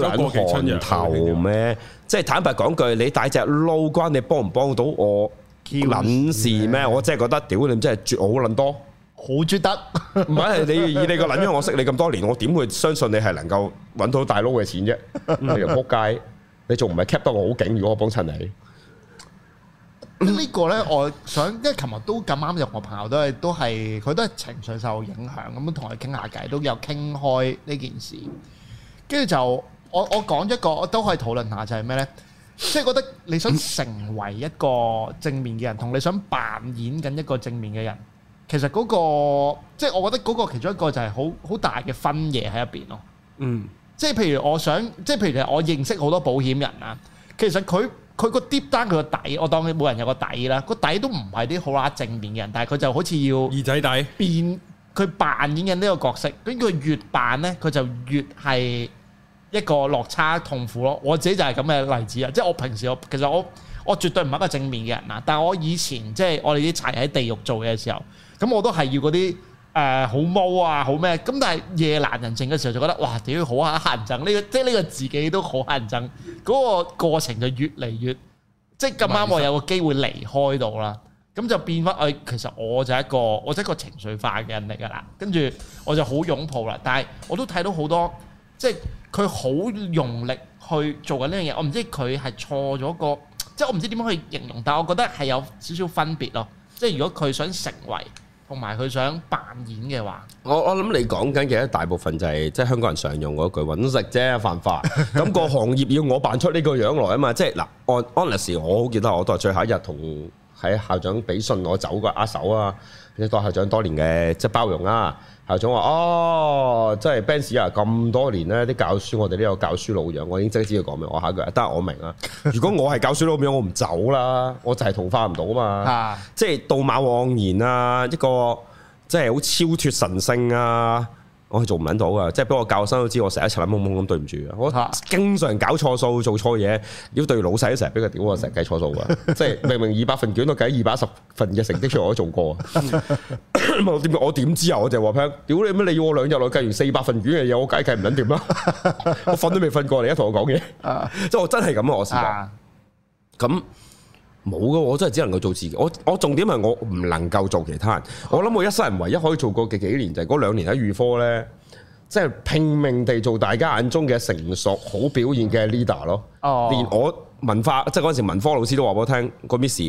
講行頭咩？即係坦白講句，你戴隻勞關你幫唔幫到我撚事咩？我真係覺得，屌你真係絕好撚多，好絕得。唔 係你以你個撚樣，因為我識你咁多年，我點會相信你係能夠揾到大佬嘅錢啫？又撲街，你仲唔係 kept 得我好勁？如果我幫襯你？咁呢個呢，我想，因為琴日都咁啱，又我朋友都係都係，佢都係情緒受影響咁，同佢傾下偈，都有傾開呢件事。跟住就我我講一個，我都可以討論下就，就係咩呢？即係覺得你想成為一個正面嘅人，同你想扮演緊一個正面嘅人，其實嗰個即係我覺得嗰個其中一個就係好好大嘅分野喺入邊咯。嗯，即係譬如我想，即係譬如我認識好多保險人啊，其實佢。佢個 deep down 佢個底，我當佢冇人有個底啦。個底都唔係啲好乸正面嘅人，但係佢就好似要二仔底變佢扮演緊呢個角色。咁佢越扮咧，佢就越係一個落差痛苦咯。我自己就係咁嘅例子啊！即係我平時我其實我我絕對唔係一個正面嘅人啊，但係我以前即係、就是、我哋啲柴喺地獄做嘅時候，咁我都係要嗰啲。誒、呃、好踎啊，好咩？咁但係夜闌人靜嘅時候就覺得哇，屌好乞乞人憎呢個，即係呢個自己都好乞人憎。嗰、這個過程就越嚟越，即係咁啱我有個機會離開到啦。咁失就變翻，誒、哎、其實我就一個，我就一個情緒化嘅人嚟㗎啦。跟住我就好擁抱啦。但係我都睇到好多，即係佢好用力去做緊呢樣嘢。我唔知佢係錯咗個，即係我唔知點樣去形容，但係我覺得係有少少分別咯。即係如果佢想成為。同埋佢想扮演嘅話，我我諗你講緊其實大部分就係、是、即係香港人常用嗰句揾食啫犯法。咁、那個行業要我扮出呢個樣來啊嘛，即係嗱，安安我好記得，我都係最後一日同喺校長俾信我走個握手啊，你當校長多年嘅即係包容啊。校長話，哦，即係 Ben Sir 咁多年咧，啲教書我哋都有教書老樣，我已經即刻知佢講咩。我下一句，得、啊、我明啦。如果我係教書老樣，我唔走啦，我就係桃花唔到啊嘛。 即係道貌岸然啊，一個即係好超脱神聖啊。我係做唔撚到噶，即係俾我教生都知，我成日一齊撚懵懵咁，對唔住啊！我經常搞錯數，做錯嘢，如果對老細都成日俾佢屌，我成日計錯數嘅， 即係明明二百份卷都計二百一十份嘅成績出嚟，我都做過。我點我點知啊？我就話平，屌你咩？你要我兩日內計完四百份卷嘅嘢，我解計唔撚掂咯？ 我瞓都未瞓過，你一同我講嘢，即係我真係咁我試下咁。冇㗎，我真係只能夠做自己。我我重點係我唔能夠做其他人。我諗我一生人唯一可以做過嘅幾年就係嗰兩年喺預科咧，即係拼命地做大家眼中嘅成熟、好表現嘅 leader 咯。哦，連我文化即係嗰陣時文科老師都話我聽，個 miss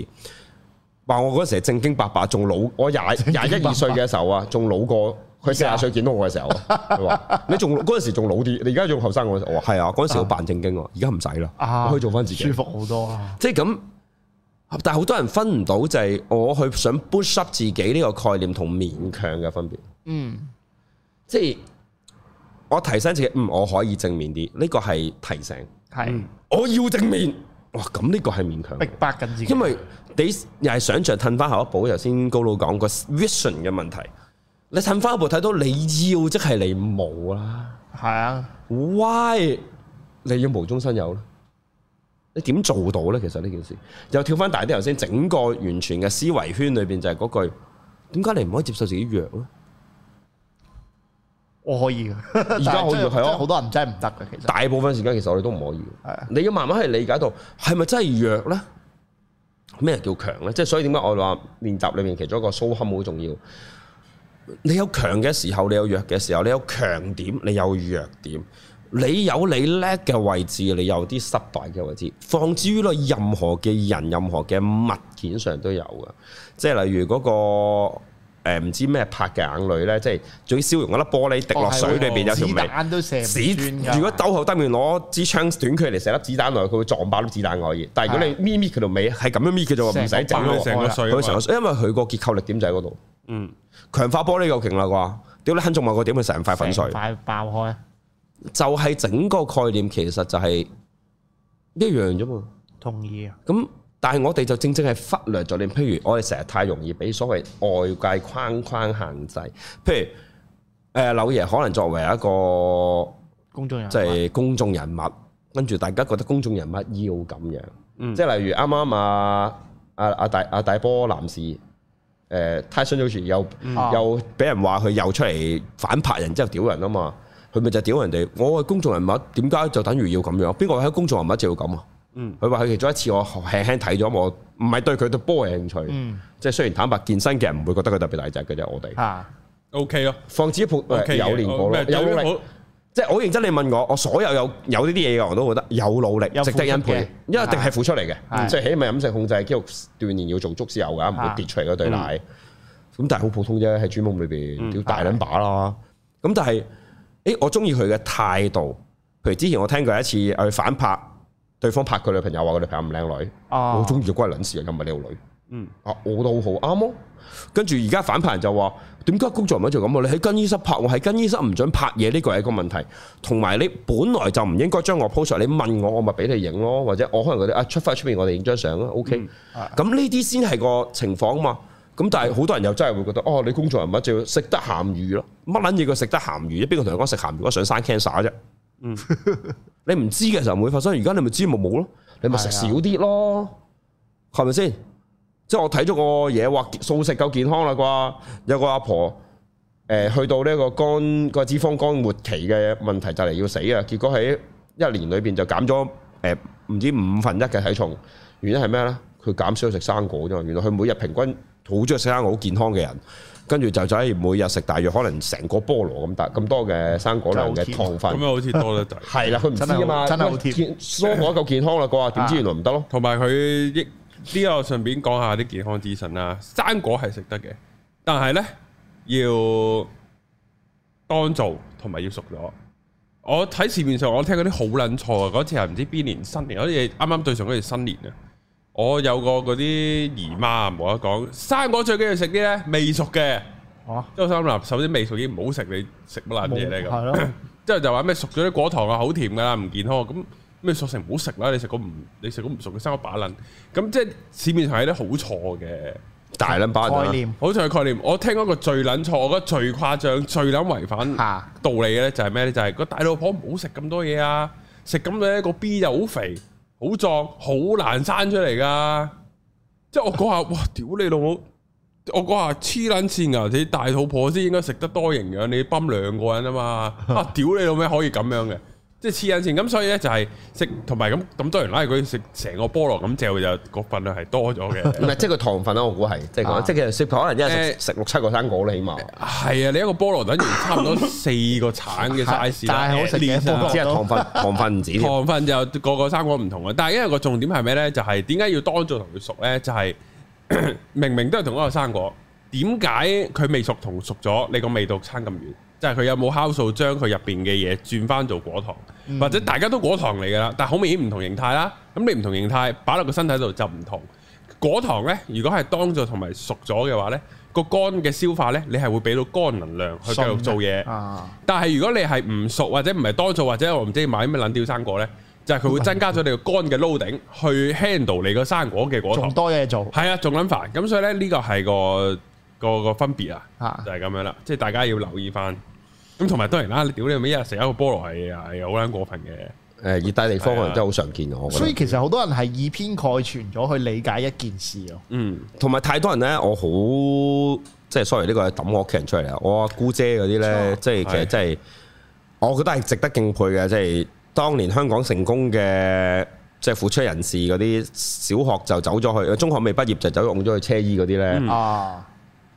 話我嗰陣時正經八百仲老，伯伯我廿廿一二歲嘅時候啊，仲老過佢四廿歲見到我嘅時候。佢話你仲嗰陣時仲老啲，你而家仲後生我。我話係、嗯、啊，嗰陣時我好扮正經，而家唔使啦，我可以做翻自己，舒服好多、啊即即。即係咁。但係好多人分唔到就係，我去想 boost up 自己呢個概念同勉強嘅分別。嗯，即係我提醒自己，嗯，我可以正面啲，呢個係提醒。係、嗯，我要正面。哇，咁呢個係勉強。逼迫緊自己，因為你又係想象褪翻後一步。頭先高佬講個 vision 嘅問題，你褪翻一步睇到你要即係你冇啦。係啊，why 你要無中生有咧？你點做到呢？其實呢件事又跳翻大啲，頭先整個完全嘅思維圈裏邊就係嗰句：點解你唔可以接受自己弱呢？我可以，而家可以，係是啊，好多人真係唔得嘅。其實大部分時間其實我哋都唔可以。的你要慢慢去理解到係咪真係弱呢？咩叫強呢？即係所以點解我話練習裏面其中一個 So Hum 好重要？你有強嘅時候，你有弱嘅時，時候，你有強點，你有弱點。你有你叻嘅位置，你有啲失敗嘅位置，放置於內任何嘅人、任何嘅物件上都有嘅。即係例如嗰、嗰個唔、呃、知咩拍嘅眼淚咧，即係最燒融嗰粒玻璃滴落水裏邊、哦、有條尾，子彈都射唔穿㗎。如果兜後突面攞支槍短距離嚟成粒子彈落去，佢、嗯、會撞爆粒子彈嗰嘢。的但係如果你搣搣佢條尾，係咁樣搣佢就唔使炸開啦。因為佢個結構力點就喺嗰度。嗯，強化玻璃夠勁啦啩？屌你，肯仲話個點會成塊粉碎？爆開！就係整個概念，其實就係一樣啫嘛。同意啊。咁，但係我哋就正正係忽略咗你。譬如我哋成日太容易俾所謂外界框框限制。譬如，誒柳爺可能作為一個公眾人，即係公眾人物，跟住大家覺得公眾人物要咁樣。嗯、即係例如啱啱啊啊啊大啊大波男士，誒、呃、泰森早前又、嗯、又俾人話佢又出嚟反拍人之後屌人啊嘛。佢咪就屌人哋？我係公眾人物，點解就等於要咁樣？邊個喺公眾人物就要咁啊？嗯，佢話佢其中一次我輕輕睇咗，我唔係對佢對波嘅興趣。即係雖然坦白健身嘅人唔會覺得佢特別大隻嘅啫，我哋嚇 OK 咯。放自己盤有練過咯，有努力。即係我認真，你問我，我所有有有呢啲嘢嘅我都覺得有努力，有付出，值得欽佩，因為一定係付出嚟嘅。即係起碼飲食控制，肌肉鍛鍊，要做足先有噶，唔會跌出嗰對奶。咁但係好普通啫，喺專門裏邊屌大兩把啦。咁但係。誒、欸，我中意佢嘅態度。譬如之前我聽過一次，佢反拍對方拍佢女朋友，話佢女朋友唔靚女。啊，我中意個骨輪事咁咪靚女。嗯，啊，我都好啱咯。跟住而家反拍人就話，點解工作唔喺度咁你喺更衣室拍，我喺更衣室唔准拍嘢，呢個係一個問題。同埋你本來就唔應該將我 post 你問我，我咪俾你影咯。或者我可能嗰啲啊出翻出邊，我哋影張相啊。OK，咁呢啲先係個情況嘛。咁但係好多人又真係會覺得哦，你工作人物就要食得鹹魚咯，乜捻嘢，佢食得鹹魚？邊個同你講食鹹魚？我想生 cancer 啫，嗯， 你唔知嘅時候就唔會發生。而家你咪知冇冇咯，你咪食少啲咯，係咪先？即係我睇咗個嘢話素食夠健康啦啩？有個阿婆誒、呃，去到呢個肝、個脂肪肝末期嘅問題就嚟要死啊！結果喺一年裏邊就減咗誒唔知五分一嘅體重，原因係咩呢？佢減少食生果啫嘛，原來佢每日平均。好中意食生好健康嘅人，跟住就走去每日食大約可能成個菠蘿咁大咁多嘅生果量嘅糖分，咁、啊、樣好似多得滯，係啦， 佢唔知啊嘛，真係，真係好甜，生果夠健康啦，啩，點知原來唔得咯。同埋佢呢，呢個順便講下啲健康資訊啦，生果係食得嘅，但係咧要當造同埋要熟咗。我睇市面上，我聽嗰啲好撚錯啊！嗰次係唔知邊年新年，好似啱啱對上嗰陣新年啊。我有個嗰啲姨媽冇得講，生果最緊要食啲咧未熟嘅。即係我心諗，首先未熟啲唔好食，你食乜爛嘢咧咁。之後就話咩熟咗啲果糖啊，好甜噶，唔健康。咁咩熟成唔好食啦，你食個唔你食個唔熟嘅生果把撚。咁即係市面上係啲好錯嘅大撚把概念，好錯嘅概念。我聽嗰個最撚錯，我覺得最誇張、最撚違反道理嘅咧，就係咩咧？就係個大老婆唔好食咁多嘢啊，食咁多咧個 B 就好肥。好壯，好難生出嚟噶。即係我嗰下，哇！屌你老母！我嗰下黐撚線啊，你大肚婆先應該食得多營養。你泵兩個人啊嘛。啊！屌你老咩，可以咁樣嘅？即係黐眼性，咁所以咧就係食同埋咁咁多人啦，佢食成個菠蘿咁嚼就個份量係多咗嘅。唔係即係個糖分啦，我估係即係講，即係其實可能一日食、欸、六七個生果啦，起碼。係啊，你一個菠蘿等於差唔多四個橙嘅 size。但係好食嘅，我只係糖分，糖分唔止。糖分就個個生果唔同啊。但係因為個重點係咩咧？就係點解要當做同佢熟咧？就係、是、明，明，明明都係同一個生果，點解佢未熟同熟咗，你個味道差咁遠？即係佢有冇酵素將佢入邊嘅嘢轉翻做果糖，嗯、或者大家都果糖嚟㗎啦，但係好明顯唔同形態啦。咁你唔同形態擺落個身體度就唔同。果糖呢，如果係當做同埋熟咗嘅話，呢個肝嘅消化呢，你係會俾到肝能量去繼續做嘢。啊、但係如果你係唔熟或者唔係當做，或者我唔知你買咩撚掉生果呢，就係、是、佢會增加咗你個肝嘅 loading 去 handle 你個生果嘅果糖。多嘢做係啊，仲撚煩咁，所以呢，呢個係個個個分別啊，就係、是、咁樣啦。即係大家要留意翻。咁同埋當然啦，你屌你咪一日食一個菠蘿係係好撚過分嘅。誒熱帶地方可能真係好常見嘅。所以其實好多人係以偏概全咗去理解一件事咯。嗯，同埋太多人咧，我好即係 sorry 呢個係抌我屋企人出嚟啊！我姑姐嗰啲咧，即係，嗯，其實真係我覺得係值得敬佩嘅，即係當年香港成功嘅即係付出人士嗰啲，小學就走咗去，中學未畢業就走咗去，往咗車衣嗰啲咧啊。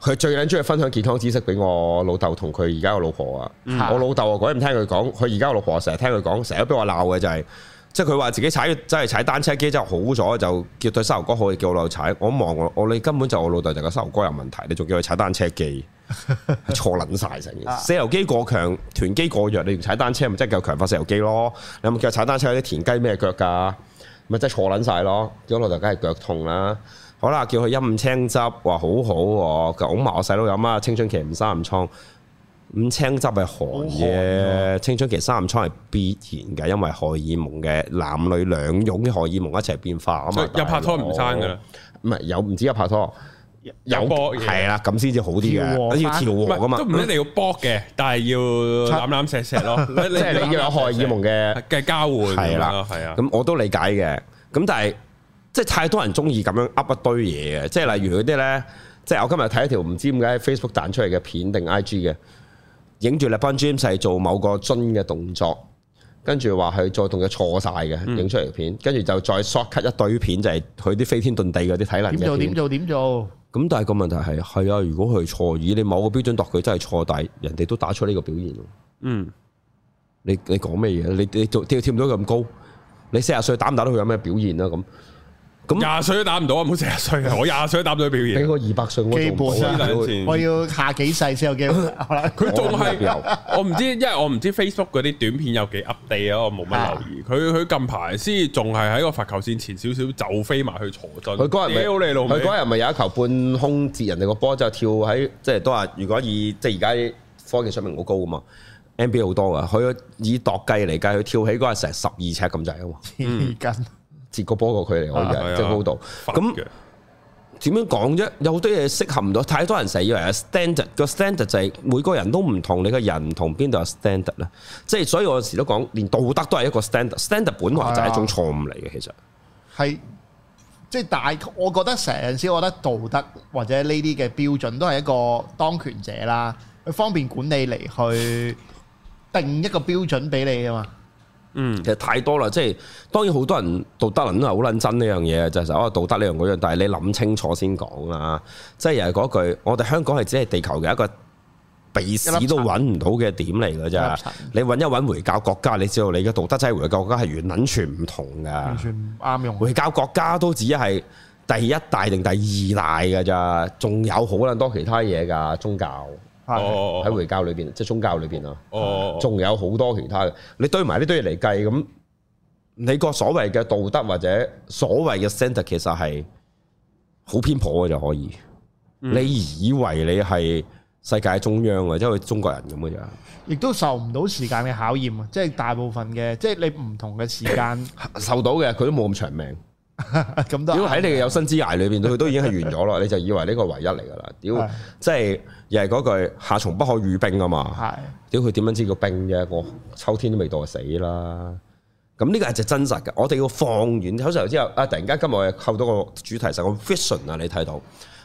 佢最撚中意分享健康知識俾我老豆同佢而家個老婆啊，嗯、我老豆啊鬼唔聽佢講，佢而家個老婆成日聽佢講，成日都俾我鬧嘅就係、是，即係佢話自己踩即係踩單車機之後好咗就叫對膝頭哥，可以叫我老豆踩，我望我我你根本就我老豆就個膝頭哥有問題，你仲叫佢踩單車機， 錯撚晒成件事。 四頭肌過強，臀肌過弱，你唔踩單車咪即係夠強化四頭肌咯，你有冇叫踩單車啲田雞咩腳㗎、啊，咪即係坐撚晒咯，叫我老豆梗係腳痛啦。好啦，叫佢飲青汁，話好好喎。講埋我細佬飲啊，青春期唔生暗瘡。咁青汁係寒嘢，青春期生暗瘡係必然嘅，因為荷爾蒙嘅男女兩用啲荷爾蒙一齊變化啊嘛。有拍拖唔生噶啦，唔係有唔止，有拍拖有係啦，咁先至好啲嘅，要調和噶嘛。都唔一定要搏嘅，但係要攬攬錫錫咯。即係你要荷爾蒙嘅，即係交換係啦，係啊。咁我都理解嘅，咁但係。即係太多人中意咁樣噏一堆嘢嘅，即係例如嗰啲咧，即係我今日睇一條唔知點解 Facebook 彈出嚟嘅片定 IG 嘅，影住 LeBron James 做某個樽嘅動作，跟住話佢再同佢錯晒嘅，影出嚟嘅片，跟住、嗯、就再 short cut 一堆片，就係佢啲飛天遁地嗰啲體能。點做？點做？點做？咁但係個問題係係啊，如果佢錯意，以你某個標準度佢真係錯，但係，人哋都打出呢個表現。嗯，你你講咩嘢？你你，你跳跳唔到咁高，你四十歲打唔打到佢有咩表現啊？咁、嗯。咁廿那歲都打唔到啊！唔好成日衰啊！我廿歲都打唔到表現，俾 個二百歲我基本啦，會我要下幾世先有機會。佢仲係我唔知，因為我唔知 Facebook 嗰啲短片有幾 update 啊！我冇乜留意。佢佢 近排先仲係喺個罰球線前少少就飛埋去坐樽。佢嗰日咪佢嗰日咪有一球半空截人哋個波，就跳喺即係都話，如果以即係而家科技水平好高啊嘛 NBA 好多啊，佢以度計嚟計，佢跳起嗰日成十二尺咁滯啊！二斤。截個波個佢離，我認為即係高度。咁點樣講啫？有好多嘢適合唔到，太多人成日以為係 standard，個 standard 就係每個人都唔同，你個人同邊度有 standard 咧？即係所以我有時都講，連道德都係一個 standard，standard 本來就係一種錯誤嚟嘅，啊、其實係即係大。我覺得成時，我覺得道德或者呢啲嘅標準都係一個當權者啦，佢方便管理嚟去定一個標準俾你啊嘛。嗯，其實太多啦，即係當然好多人道德倫都係好撚真呢樣嘢，就係實話道德呢樣嗰樣。但係你諗清楚先講啦，即係又係嗰句，我哋香港係只係地球嘅一個鼻屎都揾唔到嘅點嚟㗎咋，你揾一揾回教國家，你知道你嘅道德真係回教國家係完全唔同㗎，完全唔啱用。回教國家都只係第一大定第二大㗎咋，仲有好撚多其他嘢㗎，宗教。喺回教裏邊，即係宗教裏邊啊，仲有好多其他嘅。你對埋呢堆嘢嚟計咁，你個所謂嘅道德或者所謂嘅 centre 其實係好偏頗嘅就可以。你以為你係世界中央，或者中國人咁樣，亦都受唔到時間嘅考驗啊！即係大部分嘅，即係你唔同嘅時間受到嘅，佢都冇咁長命。咁都如果喺你嘅有生之涯裏邊，佢都已經係完咗啦。你就以為呢個唯一嚟噶啦？屌，即係。又係嗰句，夏蟲不可語冰啊嘛，屌佢點樣知個冰啫？我秋天都未到就死啦。咁呢個係就真實嘅。我哋要放遠睇上頭之後，啊突然間今日我又扣到個主題就係個 vision 啊！你睇到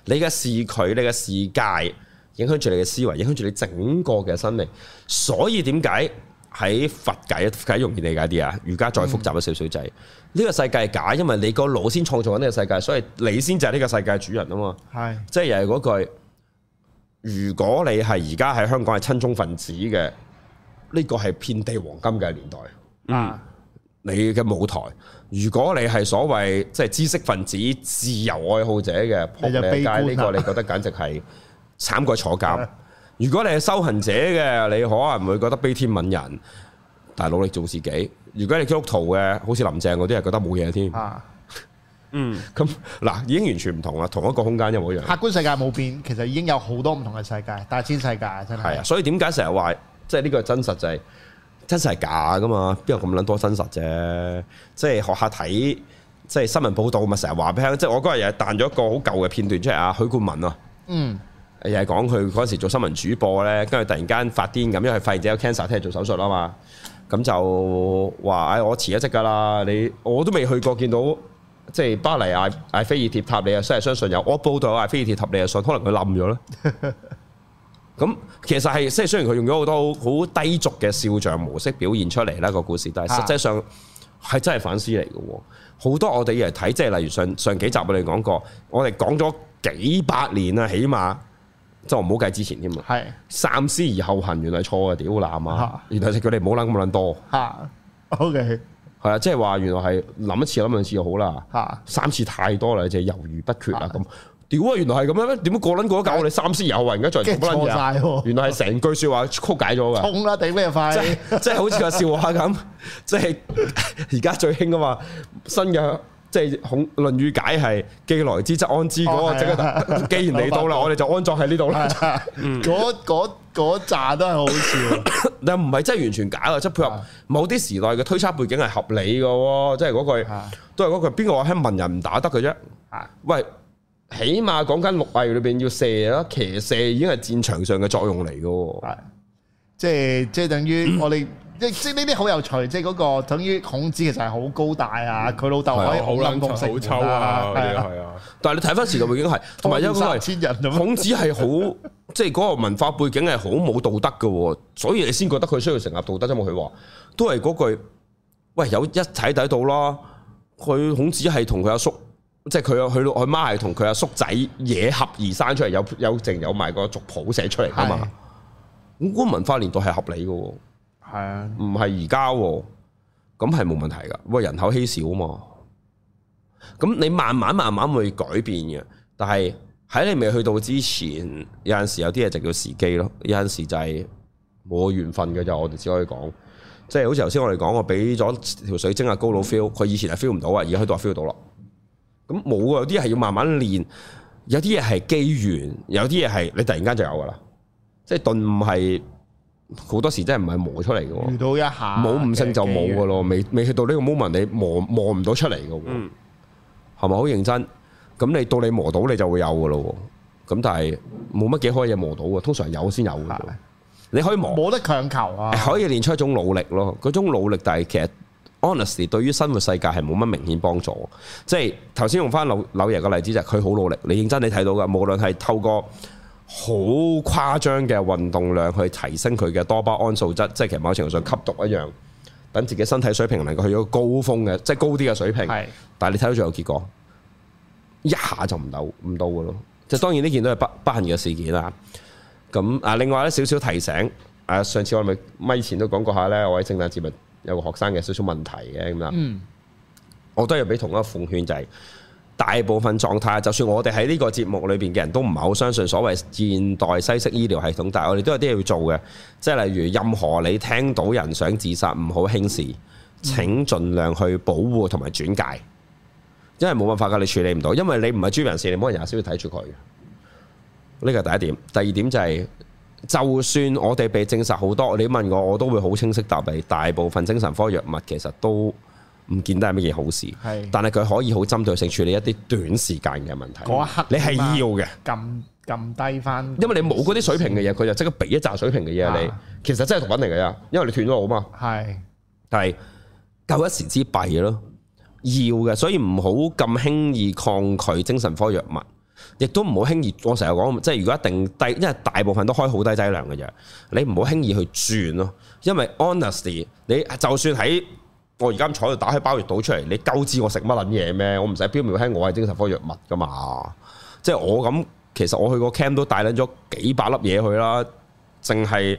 你嘅視距，你嘅視界，影響住你嘅思維，影響住你整個嘅生命。所以點解喺佛解啊？解容易理解啲啊！儒家再複雜一少少仔，呢、嗯、個世界係假，因為你個腦先創造緊呢個世界，所以你先就係呢個世界主人啊嘛。係的，即係又係嗰句。如果你係而家喺香港係親中分子嘅，呢個係遍地黃金嘅年代。嗯，你嘅舞台。如果你係所謂即係知識分子、自由愛好者嘅，呢個你覺得簡直係慘過坐監。 如果你係修行者嘅，你可能會覺得悲天憫人，但係努力做自己。如果你基督徒嘅，好似林鄭嗰啲係覺得冇嘢添。啊。嗯，咁嗱，已經完全唔同啦，同一個空間一模一樣。客觀世界冇變，其實已經有好多唔同嘅世界，大千世界真係。係啊，所以點解成日話即係呢個真實就係、是、真實係假㗎嘛？邊有咁撚多真實啫？即係學下睇即係新聞報導，咪成日話俾聽。即係我嗰日又彈咗一個好舊嘅片段出嚟啊，許冠文啊，嗯，又係講佢嗰陣時做新聞主播咧，跟住突然間發癲咁，因為發現有 cancer，聽日做手術啊嘛，咁就話唉，我辭咗職㗎啦。你我都未去過，見到。即係巴黎埃埃菲爾鐵塔你又真係相信有，我報導有埃菲爾鐵塔你又信，可能佢冧咗啦。咁 其實係即係雖然佢用咗好多好低俗嘅笑像模式表現出嚟啦，這個故事，但係實際上係真係反思嚟嘅。好多我哋以為睇，即係例如上上幾集我哋講過，我哋講咗幾百年啦，起碼就唔好計之前添啦。係 三思而後行，原來錯蠟蠟啊！屌你阿媽，原來係叫你唔好諗咁撚多。嚇 ，OK。係啊，即係話原來係諗一次諗兩次又好啦，三次太多啦，就猶豫不決啦咁。屌啊，原來係咁樣咩？點解個捻個教我哋三思而後，而家在錯晒，原來係成句說話曲解咗噶。衝啦，頂咩快？即係好似個笑話咁，即係而家最興啊嘛，新嘅。即係孔《論語》解係既來之則安之嗰個，哦啊，既然嚟到啦，闆我哋就安坐喺呢度啦。嗰嗰扎都係好笑。 但唔係真係完全假啊！即配合某啲時代嘅推測背景係合理嘅喎。即係嗰句都係嗰句，邊個話喺文人唔打得佢啫？啊、喂，起碼講緊六藝裏邊要射啦，騎射已經係戰場上嘅作用嚟㗎喎。即係即係等於我哋。 即係呢啲好有趣，即係嗰個等於孔子其實係好高大、嗯、啊！佢老豆可以好空射箭啊！係啊，啊但係你睇翻時代背景係，同埋因為孔子係好， 即係嗰個文化背景係好冇道德嘅，所以你先覺得佢需要成立道德啫嘛？佢話都係嗰句，喂有一齊睇到啦。佢孔子係同佢阿叔，即係佢佢佢媽係同佢阿叔仔野合而生出嚟，有有剩有埋個族譜寫出嚟噶嘛？咁嗰的個文化年代係合理嘅。係啊，唔係而家，咁係冇問題噶。喂，人口稀少啊嘛，咁你慢慢慢慢會改變嘅。但係喺你未去到之前，有陣時有啲嘢就叫時機咯，有陣時就係冇緣分嘅啫，我哋只可以講，即係好似頭先我哋講，我俾咗條水晶啊高佬 feel，佢以前係 feel 唔到啊，而家去到 feel 到啦。咁冇啊，有啲係要慢慢練，有啲嘢係機緣，有啲嘢係你突然間就有噶啦，即係頓悟係。好多時真係唔係磨出嚟嘅，遇到一下冇悟性就冇嘅咯，未未去到呢個 moment 你磨磨唔到出嚟嘅，係咪好認真？咁你到你磨到你就會有嘅咯。咁但係冇乜幾可嘢，磨到嘅，通常有先有嘅。的你可以磨，冇得強求啊。可以練出一種努力咯，嗰種努力，但係其實 honesty 對於生活世界係冇乜明顯幫助。即係頭先用翻柳柳爺嘅例子就係，佢好努力，你認真你睇到嘅，無論係透過。好誇張嘅運動量去提升佢嘅多巴胺素質，即係其實某程度上吸毒一樣，等自己身體水平能夠去到高峰嘅，即係高啲嘅水平。是但係你睇到最後結果，一下就唔到唔到嘅咯。即係當然呢件都係不不幸嘅事件啦。咁啊，另外咧少少提醒，啊上次我咪咪前都講過下呢，我喺聖誕節咪有個學生嘅少少問題嘅咁啦。嗯，我都係俾同一個奉勸就係、是。大部分狀態，就算我哋喺呢個節目裏邊嘅人都唔係好相信所謂現代西式醫療系統，但係我哋都有啲嘢要做嘅，即係例如任何你聽到人想自殺，唔好輕視，請盡量去保護同埋轉介，因為冇辦法㗎，你處理唔到，因為你唔係專業人士，你冇人廿四小時睇住佢。呢個係第一點，第二點就係、是，就算我哋被證實好多，你問我我都會好清晰答你，大部分精神科藥物其實都，唔見得係乜嘢好事，係，但係佢可以好針對性處理一啲短時間嘅問題。嗰一刻你係要嘅，咁撳低翻。因為你冇嗰啲水平嘅嘢，佢就即刻俾一紮水平嘅嘢、啊、你。其實真係毒品嚟嘅，因為你斷咗我嘛。係係，但係夠一時之弊咯。要嘅，所以唔好咁輕易抗拒精神科藥物，亦都唔好輕易。我成日講，即係如果一定低，因為大部分都開好低劑量嘅藥，你唔好輕易去轉咯。因為 honestly，你就算喺我而家坐喺度打開包藥倒出嚟，你鳩知我食乜撚嘢咩？我唔使標明聽，我係精神科藥物噶嘛。即係我咁，其實我去個 camp 都帶撚咗幾百粒嘢去啦。淨係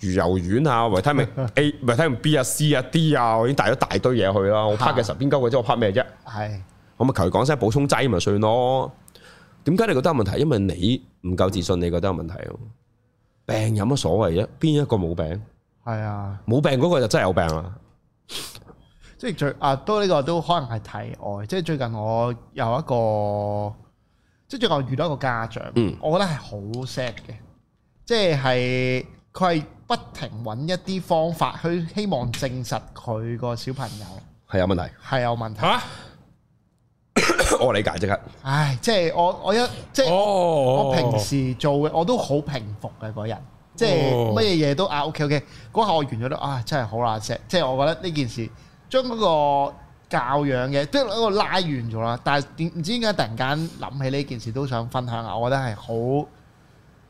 魚油丸啊、維他命 A 呵呵、維他命 B 啊、C 啊、D 啊，我已經帶咗大堆嘢去啦。我拍嘅十邊鳩嘅啫，我拍咩啫？係、啊，我咪求其講聲補充劑咪算咯。點解你覺得有問題？因為你唔夠自信，你覺得有問題。病有乜所謂啫？邊一個冇病？係啊，冇病嗰個就真係有病啦。 即係最啊，都呢、呢個都可能係題外。即係最近我有一個，即係最近我遇到一個家長，嗯、我覺得係好 sad 嘅。即係係佢係不停揾一啲方法，去希望證實佢個小朋友係有問題，係有問題。啊、 我理解即刻。唉，即係我我一即係我平時做嘅我都好平伏嘅嗰人，即係乜嘢嘢都啊 OK OK。嗰下我完咗咧，啊真係好難 sad。即係我覺得呢件事。將嗰個教養嘅即係嗰個拉完咗啦，但係唔知點解突然間諗起呢件事都想分享下，我覺得係好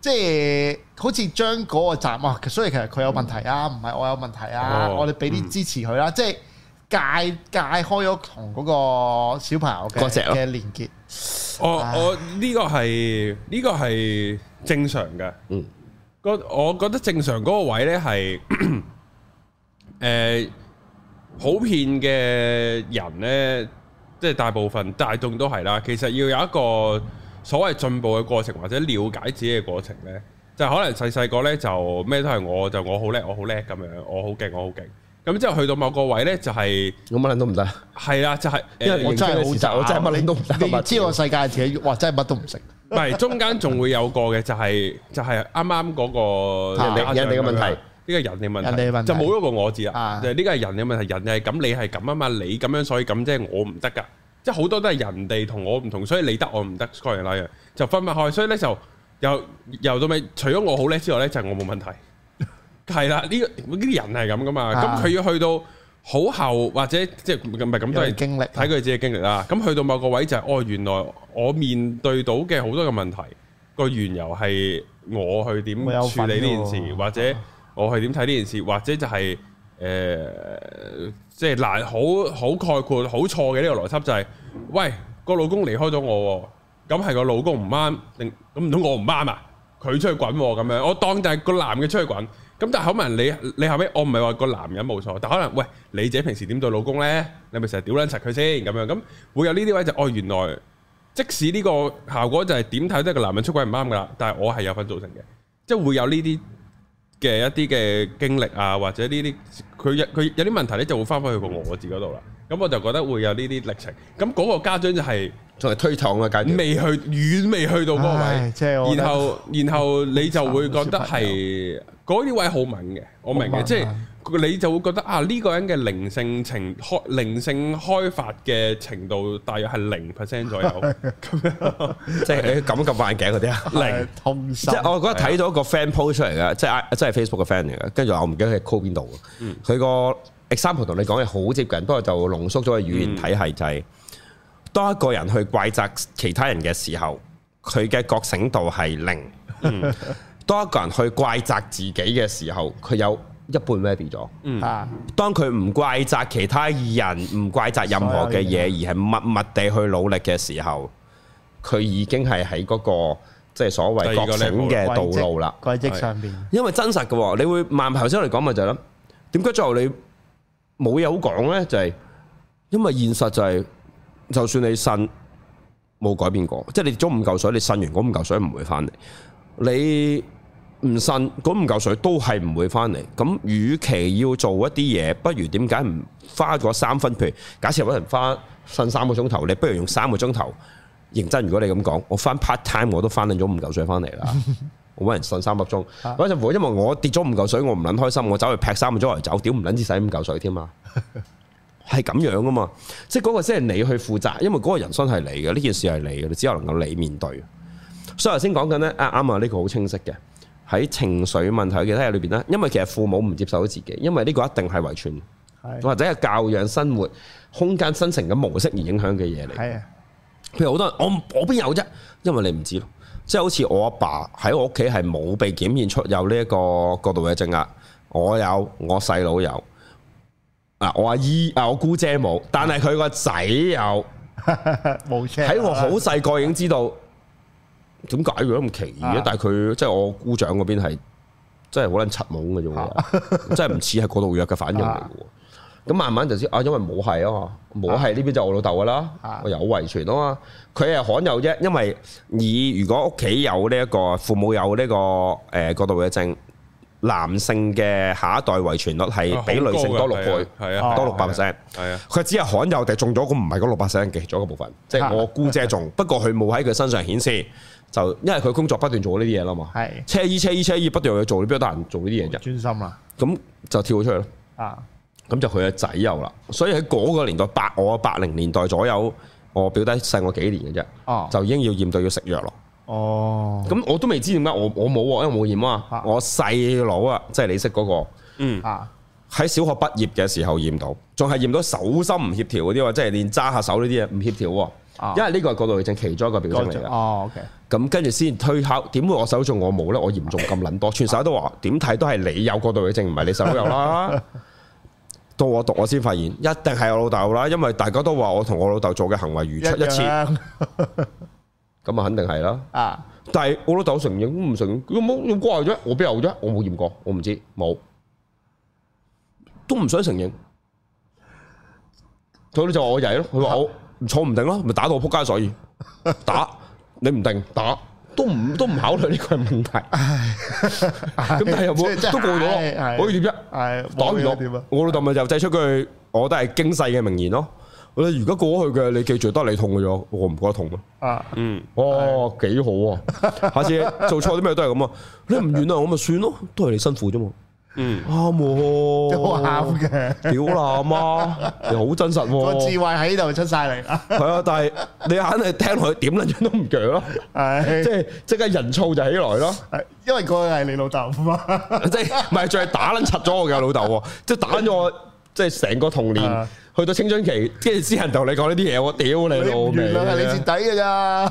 即係好似將嗰個站啊，所以其實佢有問題啊，唔係、嗯、我有問題啊，哦、我哋俾啲支持佢啦，嗯、即係解解開咗同嗰個小朋友嘅嘅、啊、連結。我我呢個係呢、呢個係正常嘅，嗯，我覺得正常嗰個位呢係誒。 呃普遍嘅人咧，即係大部分大眾都係啦。其實要有一個所謂進步嘅過程，或者了解自己嘅過程咧，就係、可能細細個咧就咩都係我，就我好叻，我好叻咁樣，我好勁，我好勁。咁之後去到某個位咧、就係，就係我乜撚都唔得。係啦，就係、因為、我真係好走，真係乜撚都唔得。 你知我世界自己哇，真係乜都唔識。唔係 中間仲會有個嘅，就係、係、就係啱啱嗰個 人哋嘅問題。呢個人嘅問題就冇一個我字啊！就呢個係人嘅問題，人係咁，你係咁啊嘛，你咁樣所以咁，即係我唔得噶，即係好多都係人哋同我唔同，所以你得我唔得。Scrolling like 就分唔開，所以咧就由由到尾，除咗我好叻之外咧，就係我冇問題。係啦，呢個啲人係咁噶嘛，咁佢要去到好後或者即係唔係咁都係經歷睇佢自己經歷啦。咁去到某個位就係哦，原來我面對到嘅好多嘅問題個緣由係我去點處理呢件事或者。我係點睇呢件事，或者就係、是、誒，即、呃、係、就是、難好好概括好錯嘅呢個邏輯就係、是，喂個老公離開咗我，咁係個老公唔啱，定咁唔通我唔啱啊？佢出去滾咁、啊、樣，我當就係個男嘅出去滾。咁但係可能你你後尾。我唔係話個男人冇錯，但可能喂，你自己平時點對老公呢？你咪成日屌撚柒佢先咁樣，咁會有呢啲位就是，哦，原來即使呢個效果就係點睇都係個男人出軌唔啱㗎喇，但係我係有份造成嘅，即係會有呢啲。嘅一啲嘅經歷啊，或者呢啲佢有佢有啲問題咧，就會翻返去個我字嗰度啦。嗯咁我就覺得會有呢啲歷程。咁嗰個家長就係仲係推搪啊，家未去遠，未去到嗰位。哎就是、然後然後你就會覺得係嗰啲位好敏嘅，我明嘅。即係笨、就是、你就會覺得啊，呢、呢個人嘅靈性情開靈性開發嘅程度，大約係零 percent 左右。咁、哎、樣即係 你感覺眼鏡嗰啲啊，零通心即係我覺得睇到一個 fan post 出嚟嘅，即、就、係、是、即係 Facebook 嘅 fan 嚟嘅。跟住我唔記得佢 call 邊度佢個。嗯 example 同你講嘅好接近，不過就濃縮咗個語言體係就係，嗯、當一個人去怪責其他人嘅時候，佢嘅覺醒度係零；，嗯、 當一個人去怪責自己嘅時候，佢有一半咩變咗？嗯，哈當佢唔怪責其他人，唔怪責任何嘅嘢，而係默默地去努力嘅時候，佢已經係喺嗰個即係所謂覺醒嘅道路啦。軌跡上邊，因為真實嘅，你會慢慢頭先嚟講咪就諗、是，點解最後你？冇嘢好講呢，就係因為現實就係，就算你信，冇改變過，即係你沖五嚿水，你信完嗰五嚿水唔會返嚟。你唔信，嗰五嚿水都係唔會返嚟。咁，與其要做一啲嘢，不如點解唔花咗三分，譬如，假設有人翻腎三個鐘頭，你不如用三個鐘頭認真。如果你咁講，我翻 part time 我都翻緊咗五嚿水返嚟啦。 我揾人信三粒鐘，揾就扶，因為我跌咗五嚿水，我唔捻開心，我走去劈三粒鐘嚟走，屌唔捻至使五嚿水添啊？係咁 樣噶嘛，即係嗰個先係你去負責，因為嗰個人生係你嘅，呢件事係你嘅，你只有能夠你面對。所以頭先講緊呢，啱啱啊，呢、啊啊這個好清晰嘅，喺情緒問題其他嘢裏邊呢，因為其實父母唔接受到自己，因為呢個一定係遺傳，的或者係教養、生活空間、生成嘅模式而影響嘅嘢嚟。譬的如好多人，我我邊有啫，因為你唔知。即係好似我阿爸喺我屋企係冇被檢驗出有呢一個過度嘅症壓，我有，我細佬有，啊我阿姨啊我姑姐冇，但係佢個仔有，冇喺 我好細個已經知道點解，如果咁奇異， 但係佢即係我姑丈嗰邊係真係好撚七懵嘅啫，真，即係唔似係過度藥嘅反應嚟喎。 咁慢慢就知啊，因為冇係啊嘛，冇係呢邊就我老豆㗎啦，我有遺傳啊嘛，佢係罕有啫。因為而如果屋企有呢一個父母有呢個誒度嘅症，男性嘅下一代遺傳率係比女性多六倍，係啊，多六百 percent，係啊。佢只係罕有定中咗，佢唔係嗰六百 percent 其中一個部分，即係我姑姐中，不過佢冇喺佢身上顯示，就因為佢工作不斷做呢啲嘢啦嘛，係。車衣、車衣、車衣不斷去做，你邊有得閒做呢啲嘢啫？專心啦。咁就跳出去。咯。啊。咁就佢嘅仔有啦，所以喺嗰個年代八我八零年代左右，我表弟細我幾年嘅啫，就已經要驗到要食藥咯。哦，咁我都未知點解我我冇，因為冇驗啊。Uh. 我細佬啊，即係你識嗰個，嗯，喺、uh. 小學畢業嘅時候驗到，仲係驗到手心唔協調嗰啲喎，即係連揸下手呢啲嘢唔協調。哦，uh. 因為呢個係過度嘅症，其中一個表徵嚟嘅。哦，咁跟住先推敲，點會我手重我冇咧？我嚴重咁撚多，全世界都話點睇都係你有過度嘅症，唔係你細佬有啦。 到我讀我先發現，一定係我老豆啦，因為大家都話我同我老豆做嘅行為如出一轍，咁啊 肯定係啦。啊，但係我老豆承認都唔承認，佢冇驗過啫，我邊有啫，我冇驗過，我唔知冇，都唔想承認。所以就話我曳咯，佢話我坐唔定咯，咪打到我仆街，所以打你唔定打。都唔都唔考慮呢個問題，咁唉但係又冇都過咗可以點啫？唉1，打完我，我老豆咪就祭出句，我覺得係經世嘅名言咯。我哋如果過去嘅，你記住，都係你痛嘅咗，我唔覺得痛咯。啊，嗯，哦，幾的好啊！下次做錯啲咩都係咁啊，你唔願啊，我咪算咯，都係你辛苦啫嘛。嗯，啱喎，好啱嘅，屌喇阿媽，又好真實、啊、個智慧喺度出晒嚟，係啊、嗯，但係你肯定聽落去點捻樣都唔鋸咯，係，即係即刻人燥就起來咯，係，因為個係你老豆啊嘛，即係唔係，仲係打捻柒咗我嘅老豆，即、就、係、是、打咗我，即係成個童年去到青春期，即住私人同你講呢啲嘢，我屌你老味係你蝕底嘅咋，係啊、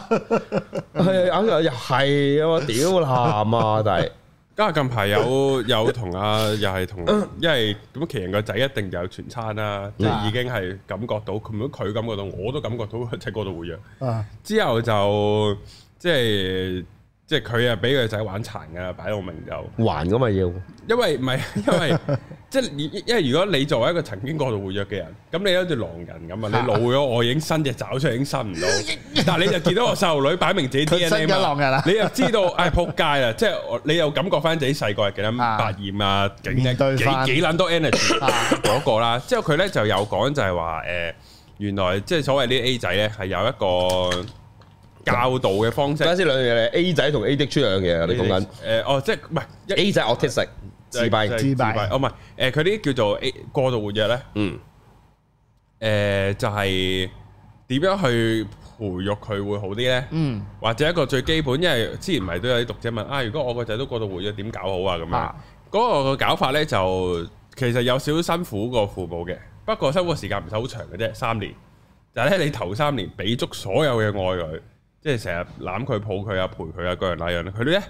嗯嗯嗯、又係啊嘛，屌喇阿媽，但係。家近排有有同啊，又係同，因為咁奇人個仔一定有全餐啦，即係已經係感覺到，咁佢、啊、感覺到，我都感覺到喺個度會弱。啊、之後就即係。就是即係佢啊，俾佢仔玩殘㗎，擺到明就還咁咪要因，因為唔係因為即係，因為如果你作為一個曾經過度活躍嘅人，咁你好似狼人咁啊，你老咗，我已經伸隻爪出嚟已經伸唔到，啊、但係你就見到我細路女擺明自己啲嘢啊嘛，你又知道唉撲街啦，哎、 即係你又感覺翻自己細個係幾撚百厭啊，啊幾幾幾撚多 energy 嗰個啦，啊、 之後佢咧就有講就係話誒，原來即係、就是、所謂啲 A 仔咧係有一個。教導嘅方式，家先兩樣嘢，A 仔同 A 的出兩樣嘢。我哋講緊誒，哦，即係唔係 A 仔，autistic 自閉自閉，哦，唔係誒，佢啲叫做 A 過度活躍咧，嗯，誒就係點樣去培育佢會好啲咧？嗯，或者一個最基本，因為之前咪都有啲讀者問啊，如果我個仔都過度活躍，點搞好啊？咁樣嗰個搞法咧，就其實有少少辛苦過父母嘅，不過生活嘅時間唔使好長嘅啫，三年。就係咧，你頭三年俾足所有嘅愛佢。即係成日攬佢抱佢啊，陪佢啊嗰樣，各樣嗰樣啦，佢咧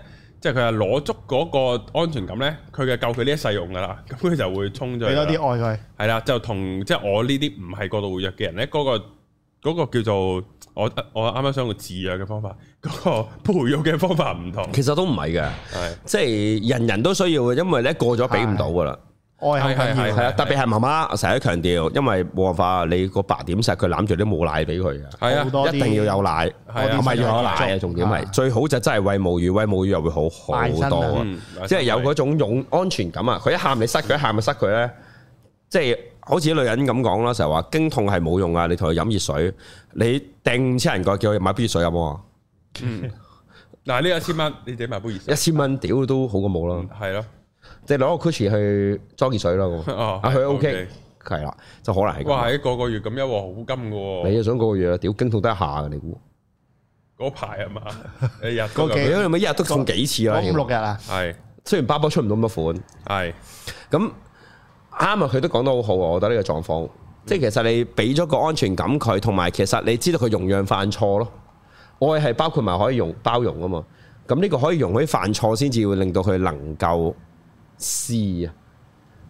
即係佢係攞足嗰個安全感咧，佢嘅夠佢呢一世用噶啦，咁佢就會充咗。俾多啲愛佢。係啦，就同即係我呢啲唔係過度活躍嘅人咧，嗰、嗰個、嗰個叫做我我啱啱想個自虐嘅方法，嗰、嗰個培育嘅方法唔同。其實都唔係嘅，即係的人人都需要，嘅，因為咧過咗俾唔到噶啦。愛係係係啊，特別係媽媽，成日都強調，因為冇辦法，你個白點錫佢攬住啲母奶俾佢啊，係啊，一定要有奶，係啊多，唔係冇奶啊，是是重點係最好就真係餵母乳，餵母乳又會好好多身、啊、即係有嗰種勇安全感啊，佢一喊你塞佢，一喊咪塞佢咧，即係、嗯、好似女人咁講啦，成日話經痛係冇用啊，你同佢飲熱水，你掟千銀角叫佢買杯熱水飲啊，嗱呢、嗯、 一千蚊你買杯熱水，一千蚊屌都好過冇啦，係咯、嗯。即係攞個 cushion 去裝熱水咯，啊佢 OK 係啦，就可能哇，一個個月咁樣好金噶，你要想個個月啊，屌驚痛得下嘅你估嗰排係嘛？一日個一日都送幾次啦？六日啊，係雖然包包出唔到乜款，係咁啱啊！佢都講得好好啊，我覺得呢個狀況，即係其實你俾咗個安全感佢，同埋其實你知道佢容樣犯錯咯，愛係包括埋可以用包容啊嘛，咁呢個可以容許犯錯先至會令到佢能夠。試啊，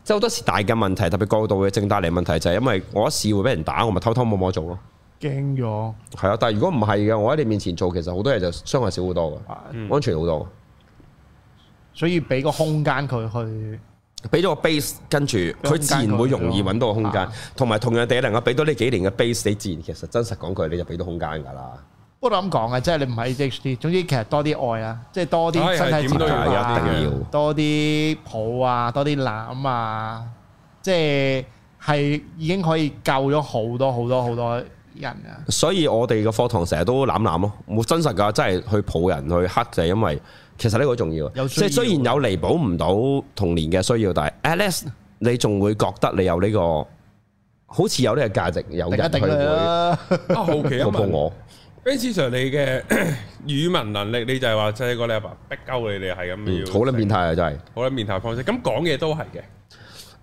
即係好多時大嘅問題，特別過度嘅正帶嚟問題，就係因為我一試會俾人打，我咪偷偷摸摸做咯，驚咗。係啊，但係如果唔係嘅，我喺你面前做，其實好多嘢就傷害少好多噶，嗯、安全好多。所以俾個空間佢去，俾咗個 base，跟住佢自然會容易揾到個空間，同埋、啊、同樣地能夠俾到呢幾年嘅 base，你自然其實真實講句，你就俾到空間噶啦。不都咁講啊，即係你唔係 E.H.D.，總之其實多啲愛多啊，即係、哎、多啲身體接觸啊，一定要多啲抱啊，多啲攬啊，啊，即係係已經可以救咗好多好多好多人啊！所以我哋個課堂成日都攬攬咯，冇真實嘅，真係去抱人去黑就係因為其實呢個好重要，啊。即係雖然有彌補唔到童年嘅需要，但係 at least 你仲會覺得你有呢、呢個好似有呢個價值，有入去會包括我。 Ben Sir 你嘅 語文能力，你就係話細個你阿爸，爸逼鳩你，你係咁要好撚變態啊！真係好撚變態方式。咁、呃、講嘢都係嘅，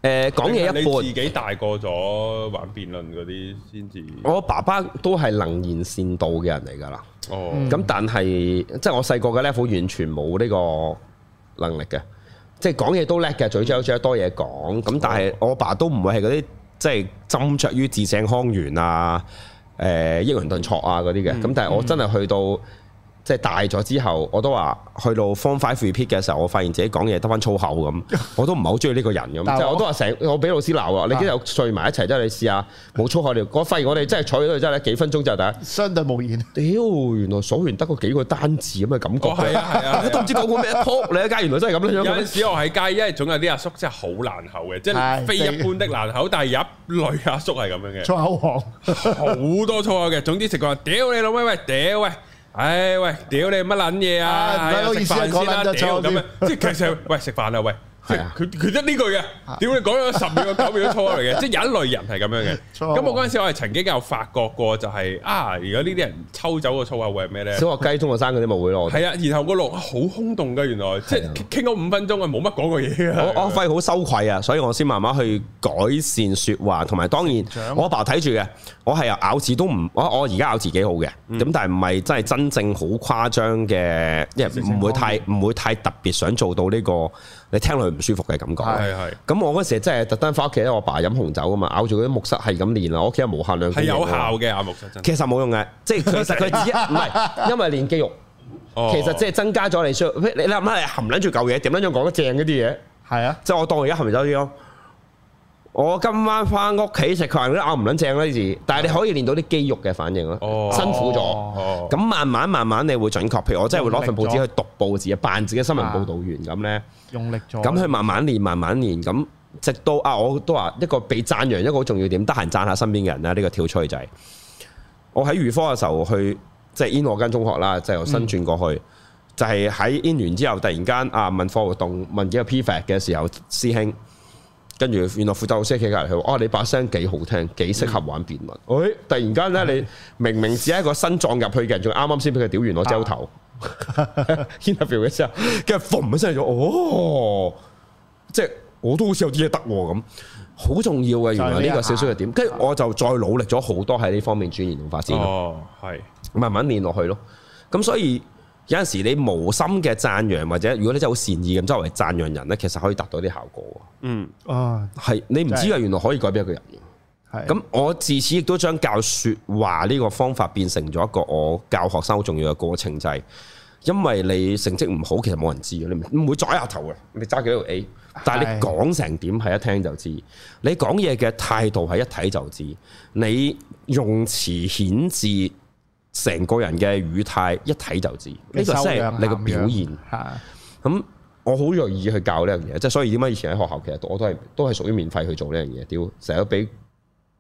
誒講嘢一半。你自己大個咗玩辯論嗰啲先至。我爸爸都係能言善道嘅人嚟㗎啦。哦。咁但係即係我細個嘅 level 完全冇呢個能力嘅，即係講嘢都叻嘅，嘴張口張多嘢講。咁、嗯、但係我爸都唔會係嗰啲即係斟酌於字正腔圓啊。誒抑揚頓挫啊，嗰啲嘅，咁但係我真係去到。嗯即係大咗之後，我都話去到 Form Five Repeat 嘅時候，我發現自己講嘢得翻粗口咁，我都唔係好中意呢個人咁。即係我，我都話成，我俾老師鬧啊，你幾日睡埋一齊啫，你試下冇粗口你，我發現我哋真係坐喺去，真係幾分鐘就得，大家相對無言。屌，原來數完得個幾個單字咁嘅感覺。係啊係啊，都唔知講個咩啊！撲你一街，原來真係咁樣。 有陣時我喺街，因為總有啲阿叔真係好難口嘅，即係唉非一般的難口。對但係有一類阿叔係咁樣嘅粗口好 多粗口嘅。總之成個屌你老味喂，屌喂。唉喂，屌你乜撚嘢啊！食飯先啦，屌咁啊！即係其實喂食飯啦喂，佢佢得呢句嘅，屌你講咗十秒九秒粗嚟嘅，即係有一類人係咁樣嘅。咁我嗰陣時我係曾經有發覺過，就係啊，而家呢啲人抽走個粗口，會係咩咧？小學雞、中學生嗰啲冇嘅咯。係啊，然後嗰路好空洞嘅，原來即係傾咗五分鐘啊，冇乜講過嘢。我我係好羞愧啊，所以我先慢慢去改善説話，同埋當然我阿爸睇住嘅。我係啊咬字都唔，我我而家咬字幾好嘅，咁但係唔係真係真正好誇張嘅，即係唔會太唔會太特別想做到呢個你聽落去唔舒服嘅感覺。係係。咁、嗯、我嗰時真係特登返屋企咧，我爸飲紅酒啊嘛，咬住嗰啲木塞係咁練啦，我屋企係無限量。係有效嘅呀木塞真。其實冇用嘅， 即係其實佢只唔係因為練肌肉， 其實即係增加咗你需要。你諗下含撚住嚿嘢，點樣講得正嗰啲嘢？係啊，即係我當而家含埋咗啲咯。我今晚翻屋企食飯，佢話咬唔撚正嗰啲字，但係你可以練到啲肌肉嘅反應咯。哦、辛苦咗。咁、哦哦、慢慢慢慢，你會準確。譬如我真係會攞份報紙去讀報紙啊，扮自己新聞報導員咁、啊、呢，用力咗。咁去慢慢練，啊、慢慢練，咁直到啊，我都話一個被讚揚一個好重要點，得閒讚下身邊嘅人呢。呢、這個跳菜仔、就是，我喺預科嘅時候去即係 in 我間中學啦，就係由新轉過去，嗯、就係喺 in 完之後，突然間啊問課活動問幾個 p r 嘅時候，師兄。跟住，原來負責老師企隔離佢話，哦、啊，你把聲幾好聽，幾適合玩辯論。哎、嗯，突然間咧，你明明自己一個身撞入去嘅人，仲啱啱先俾佢屌完我頭 interview 嘅時候，跟住馴咗聲咗，哦，即、就、係、是、我都好似有啲嘢得咁，好重要嘅。原來呢個少少嘅點，跟住我就再努力咗好多喺呢方面轉移同發展。哦、啊，係，慢慢練落去咯。咁所以。有陣時你無心嘅讚揚，或者如果你真係好善意咁周圍讚揚人呢，其實可以達到啲效果。嗯，啊、哦，係你唔知啊，是原來可以改變一個人。係的。咁我自此亦都將教說話呢個方法變成咗一個我教學生好重要嘅過程，就係因為你成績唔好，其實冇人知嘅，你唔會拽下頭嘅，你揸幾多 A，但係你講成點係一聽就知，你講嘢嘅態度係一睇就知，你用詞遣字。成個人嘅語態一睇就知，呢個先係你個表現。咁、嗯嗯、我好容易去教呢樣嘢，即係所以點解以前喺學校其實我都係都係屬於免費去做呢樣嘢。屌成日都俾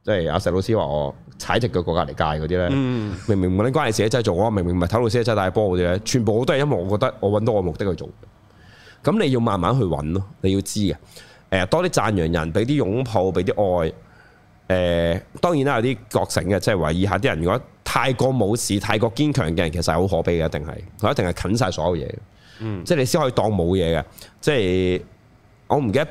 即係阿石老師話我踩隻腳過隔離界嗰啲咧，明明唔你關你事，真係做我明明唔係頭老師，真係帶波嗰啲咧，全部都係因為我覺得我揾到我的目的去做。咁你要慢慢去揾咯，你要知嘅。誒多啲讚揚人，俾啲擁抱，俾啲愛。誒，當然啦，有啲覺醒嘅，即係懷疑下啲人。如果太過冇事，太過堅強嘅人，其實係好可悲嘅，一定係佢一定係近晒所有嘢。嗯，即係你先可以當冇嘢嘅。即係我唔記得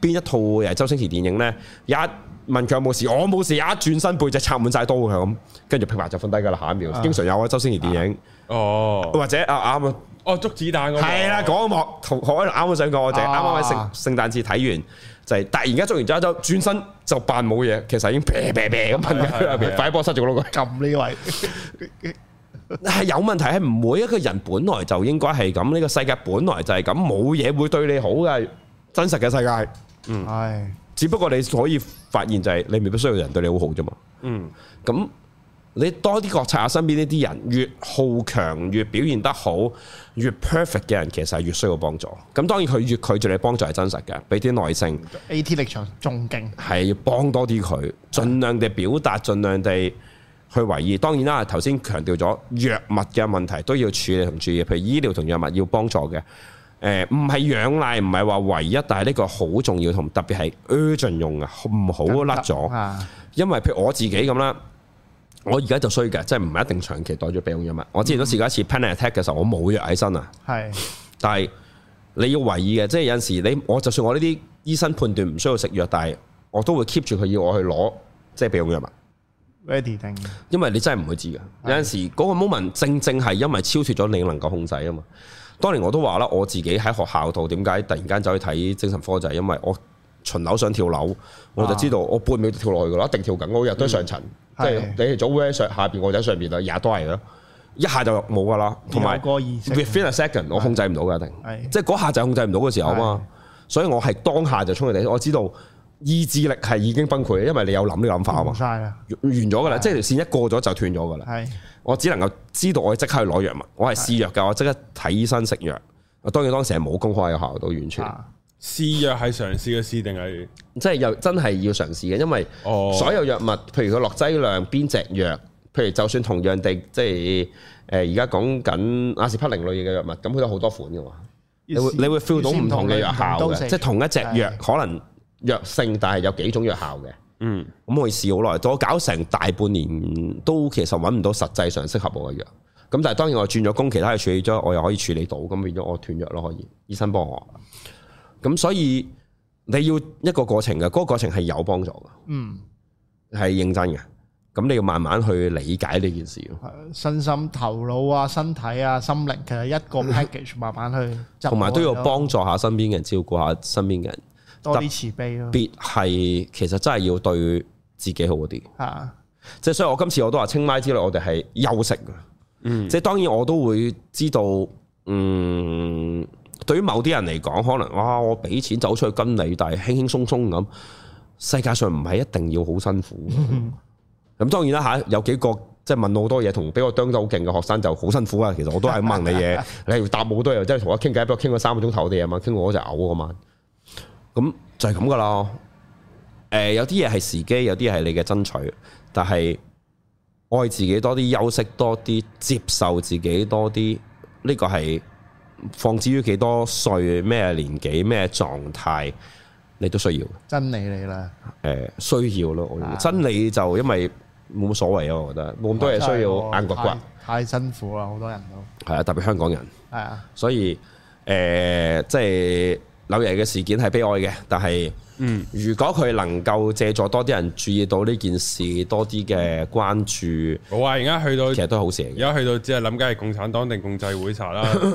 邊一套係周星馳電影呢？一問佢有冇事，我冇事，一轉身背脊插滿晒刀佢咁，跟住劈埋就瞓低架啦。下一秒經常有啊，周星馳電影哦，或者啊啱啊，哦捉子彈嘅係啦，講我同我啱啱想講，我哋啱啱喺聖聖誕節睇完。就係突然間捉完走一走，轉身就扮冇嘢，其實已經啤啤啤咁喺佢入邊，快波失咗個腦，咁呢位係有問題，係每一個人本來就應該係咁，呢個世界本來就係咁，冇嘢會對你好嘅真實嘅世界，嗯，係，只不過你可以發現就係你未必需要人對你好好啫嘛，嗯，咁。你多啲覺察下身邊呢啲人，越好強、越表現得好、越 perfect 嘅人，其實係越需要幫助。咁當然佢越拒絕你幫助係真實嘅，俾啲耐性。A T 力場仲勁，係要幫多啲佢，儘量地表達，儘量地去維持。當然啦，頭先強調咗藥物嘅問題都要處理同注意，譬如醫療同藥物要幫助嘅。誒、呃，唔係仰賴，唔係話唯一，但係呢個好重要同特別係 urgent 用啊，唔好甩咗。嗯嗯、因為譬如我自己咁啦。我而家就衰嘅，即係唔係一定長期袋住備用藥物。嗯、我之前都試過一次 panic attack 嘅時候，我冇藥喺身啊。係是，但係你要懷疑嘅，即係有陣時你我就算我呢啲醫生判斷唔需要食藥，但係我都會 keep 住佢要我去攞即係備用藥物。Ready 定 thing.？因為你真係唔會知㗎。是有陣時嗰個 moment 正正係因為超脫咗你能夠控制啊嘛。當年我都話啦，我自己喺學校度點解突然間走去睇精神科就係、是、因為我。巡樓想跳樓，我就知道我半秒跳落去噶啦，一定跳緊。我日都上層，嗯、即係你早喺下邊，我就喺上邊啦，日都係啦。一下就冇噶啦，同埋 within a second，我控制唔到噶，的一定，即係嗰下就控制唔到嘅時候啊嘛。的所以我係當下就衝落地，我知道意志力係已經崩潰，因為你有諗呢個諗法啊嘛。完咗噶啦，的即係條線一過咗就斷咗噶啦。係的，我只能夠知道我即刻去攞藥物，我係試藥㗎，我即刻睇醫生食藥。當然當時係冇公開嘅效到完全。的試藥係嘗試嘅試定係？即係又真係要嘗試嘅，因為所有藥物，譬如佢落劑量，邊隻藥，譬如就算同樣地，即係誒而家講緊阿士匹林類嘅藥物，咁佢有好多款嘅嘛，你會你會 feel 到唔同嘅藥效，即係同一隻藥的可能藥性，但係有幾種藥效嘅。嗯，咁我試好耐，我搞成大半年都其實搵唔到實際上適合我嘅藥。咁但係當然我轉咗工，其他嘅處理咗，我又可以處理到，咁變咗我斷藥咯，可以醫生幫我。咁所以你要一個過程嘅，嗰、那個過程係有幫助嘅，嗯，係認真嘅。咁你要慢慢去理解呢件事。係身心頭腦啊、身體啊、心靈，其實一個 package 慢慢去。同埋都要幫助下身邊嘅人，照顧下身邊嘅人，多啲慈悲咯、啊。別係其實真係要對自己好啲。啊，即係所以我今次我都話清邁之旅，我哋係休息嘅。嗯，即係當然我都會知道，嗯。對於某啲人嚟講，可能哇，我俾錢走出去跟你，但係輕輕鬆鬆咁。世界上唔係一定要好辛苦。咁 當然啦吓，有幾個即係問我好多嘢，同比我當得好勁嘅學生就好辛苦啊。其實我都係問你嘢， 你答我好多嘢，即係同我傾偈，不過傾咗三個鐘頭地啊嘛，傾我就嘔啊嘛。咁就係咁噶啦。誒，有啲嘢係時機，有啲係你嘅爭取，但係愛自己多啲，休息多啲，接受自己多啲，呢個係。放置於幾多歲、咩年紀、咩狀態，你都需要。真理你啦，誒、呃、需要咯。我是真理就因為冇乜所謂啊，我覺得冇咁多嘢需要眼骨骨。太辛苦啦，好多人都係啊，特別香港人係啊。所以誒、呃，即係柳爺嘅事件係悲哀嘅，但係嗯，如果佢能夠借助多啲人注意到呢件事，多啲嘅關注，我話而家去到其實都好事。而家去到只係諗緊係共產黨定共濟會查啦。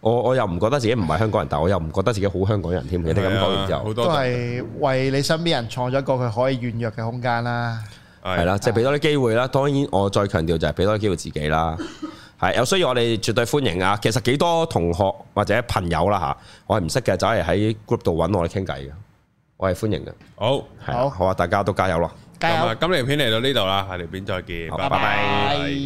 我我又唔覺得自己唔係香港人，但我又唔覺得自己好香港人添。你咁講完之後，都係為你身邊人創咗一個佢可以軟弱嘅空間啦。係啦，即係俾多啲機會啦。當然，我再強調就係俾多啲機會自己啦。係，有需要我哋絕對歡迎啊！其實幾多同學或者朋友啦嚇，我係唔識嘅，走嚟喺 group 度揾我哋傾偈嘅，我係歡迎嘅。好，好，好啊！大家都加油咯！加油！咁，今條片嚟到呢度啦，下條片再見，拜拜。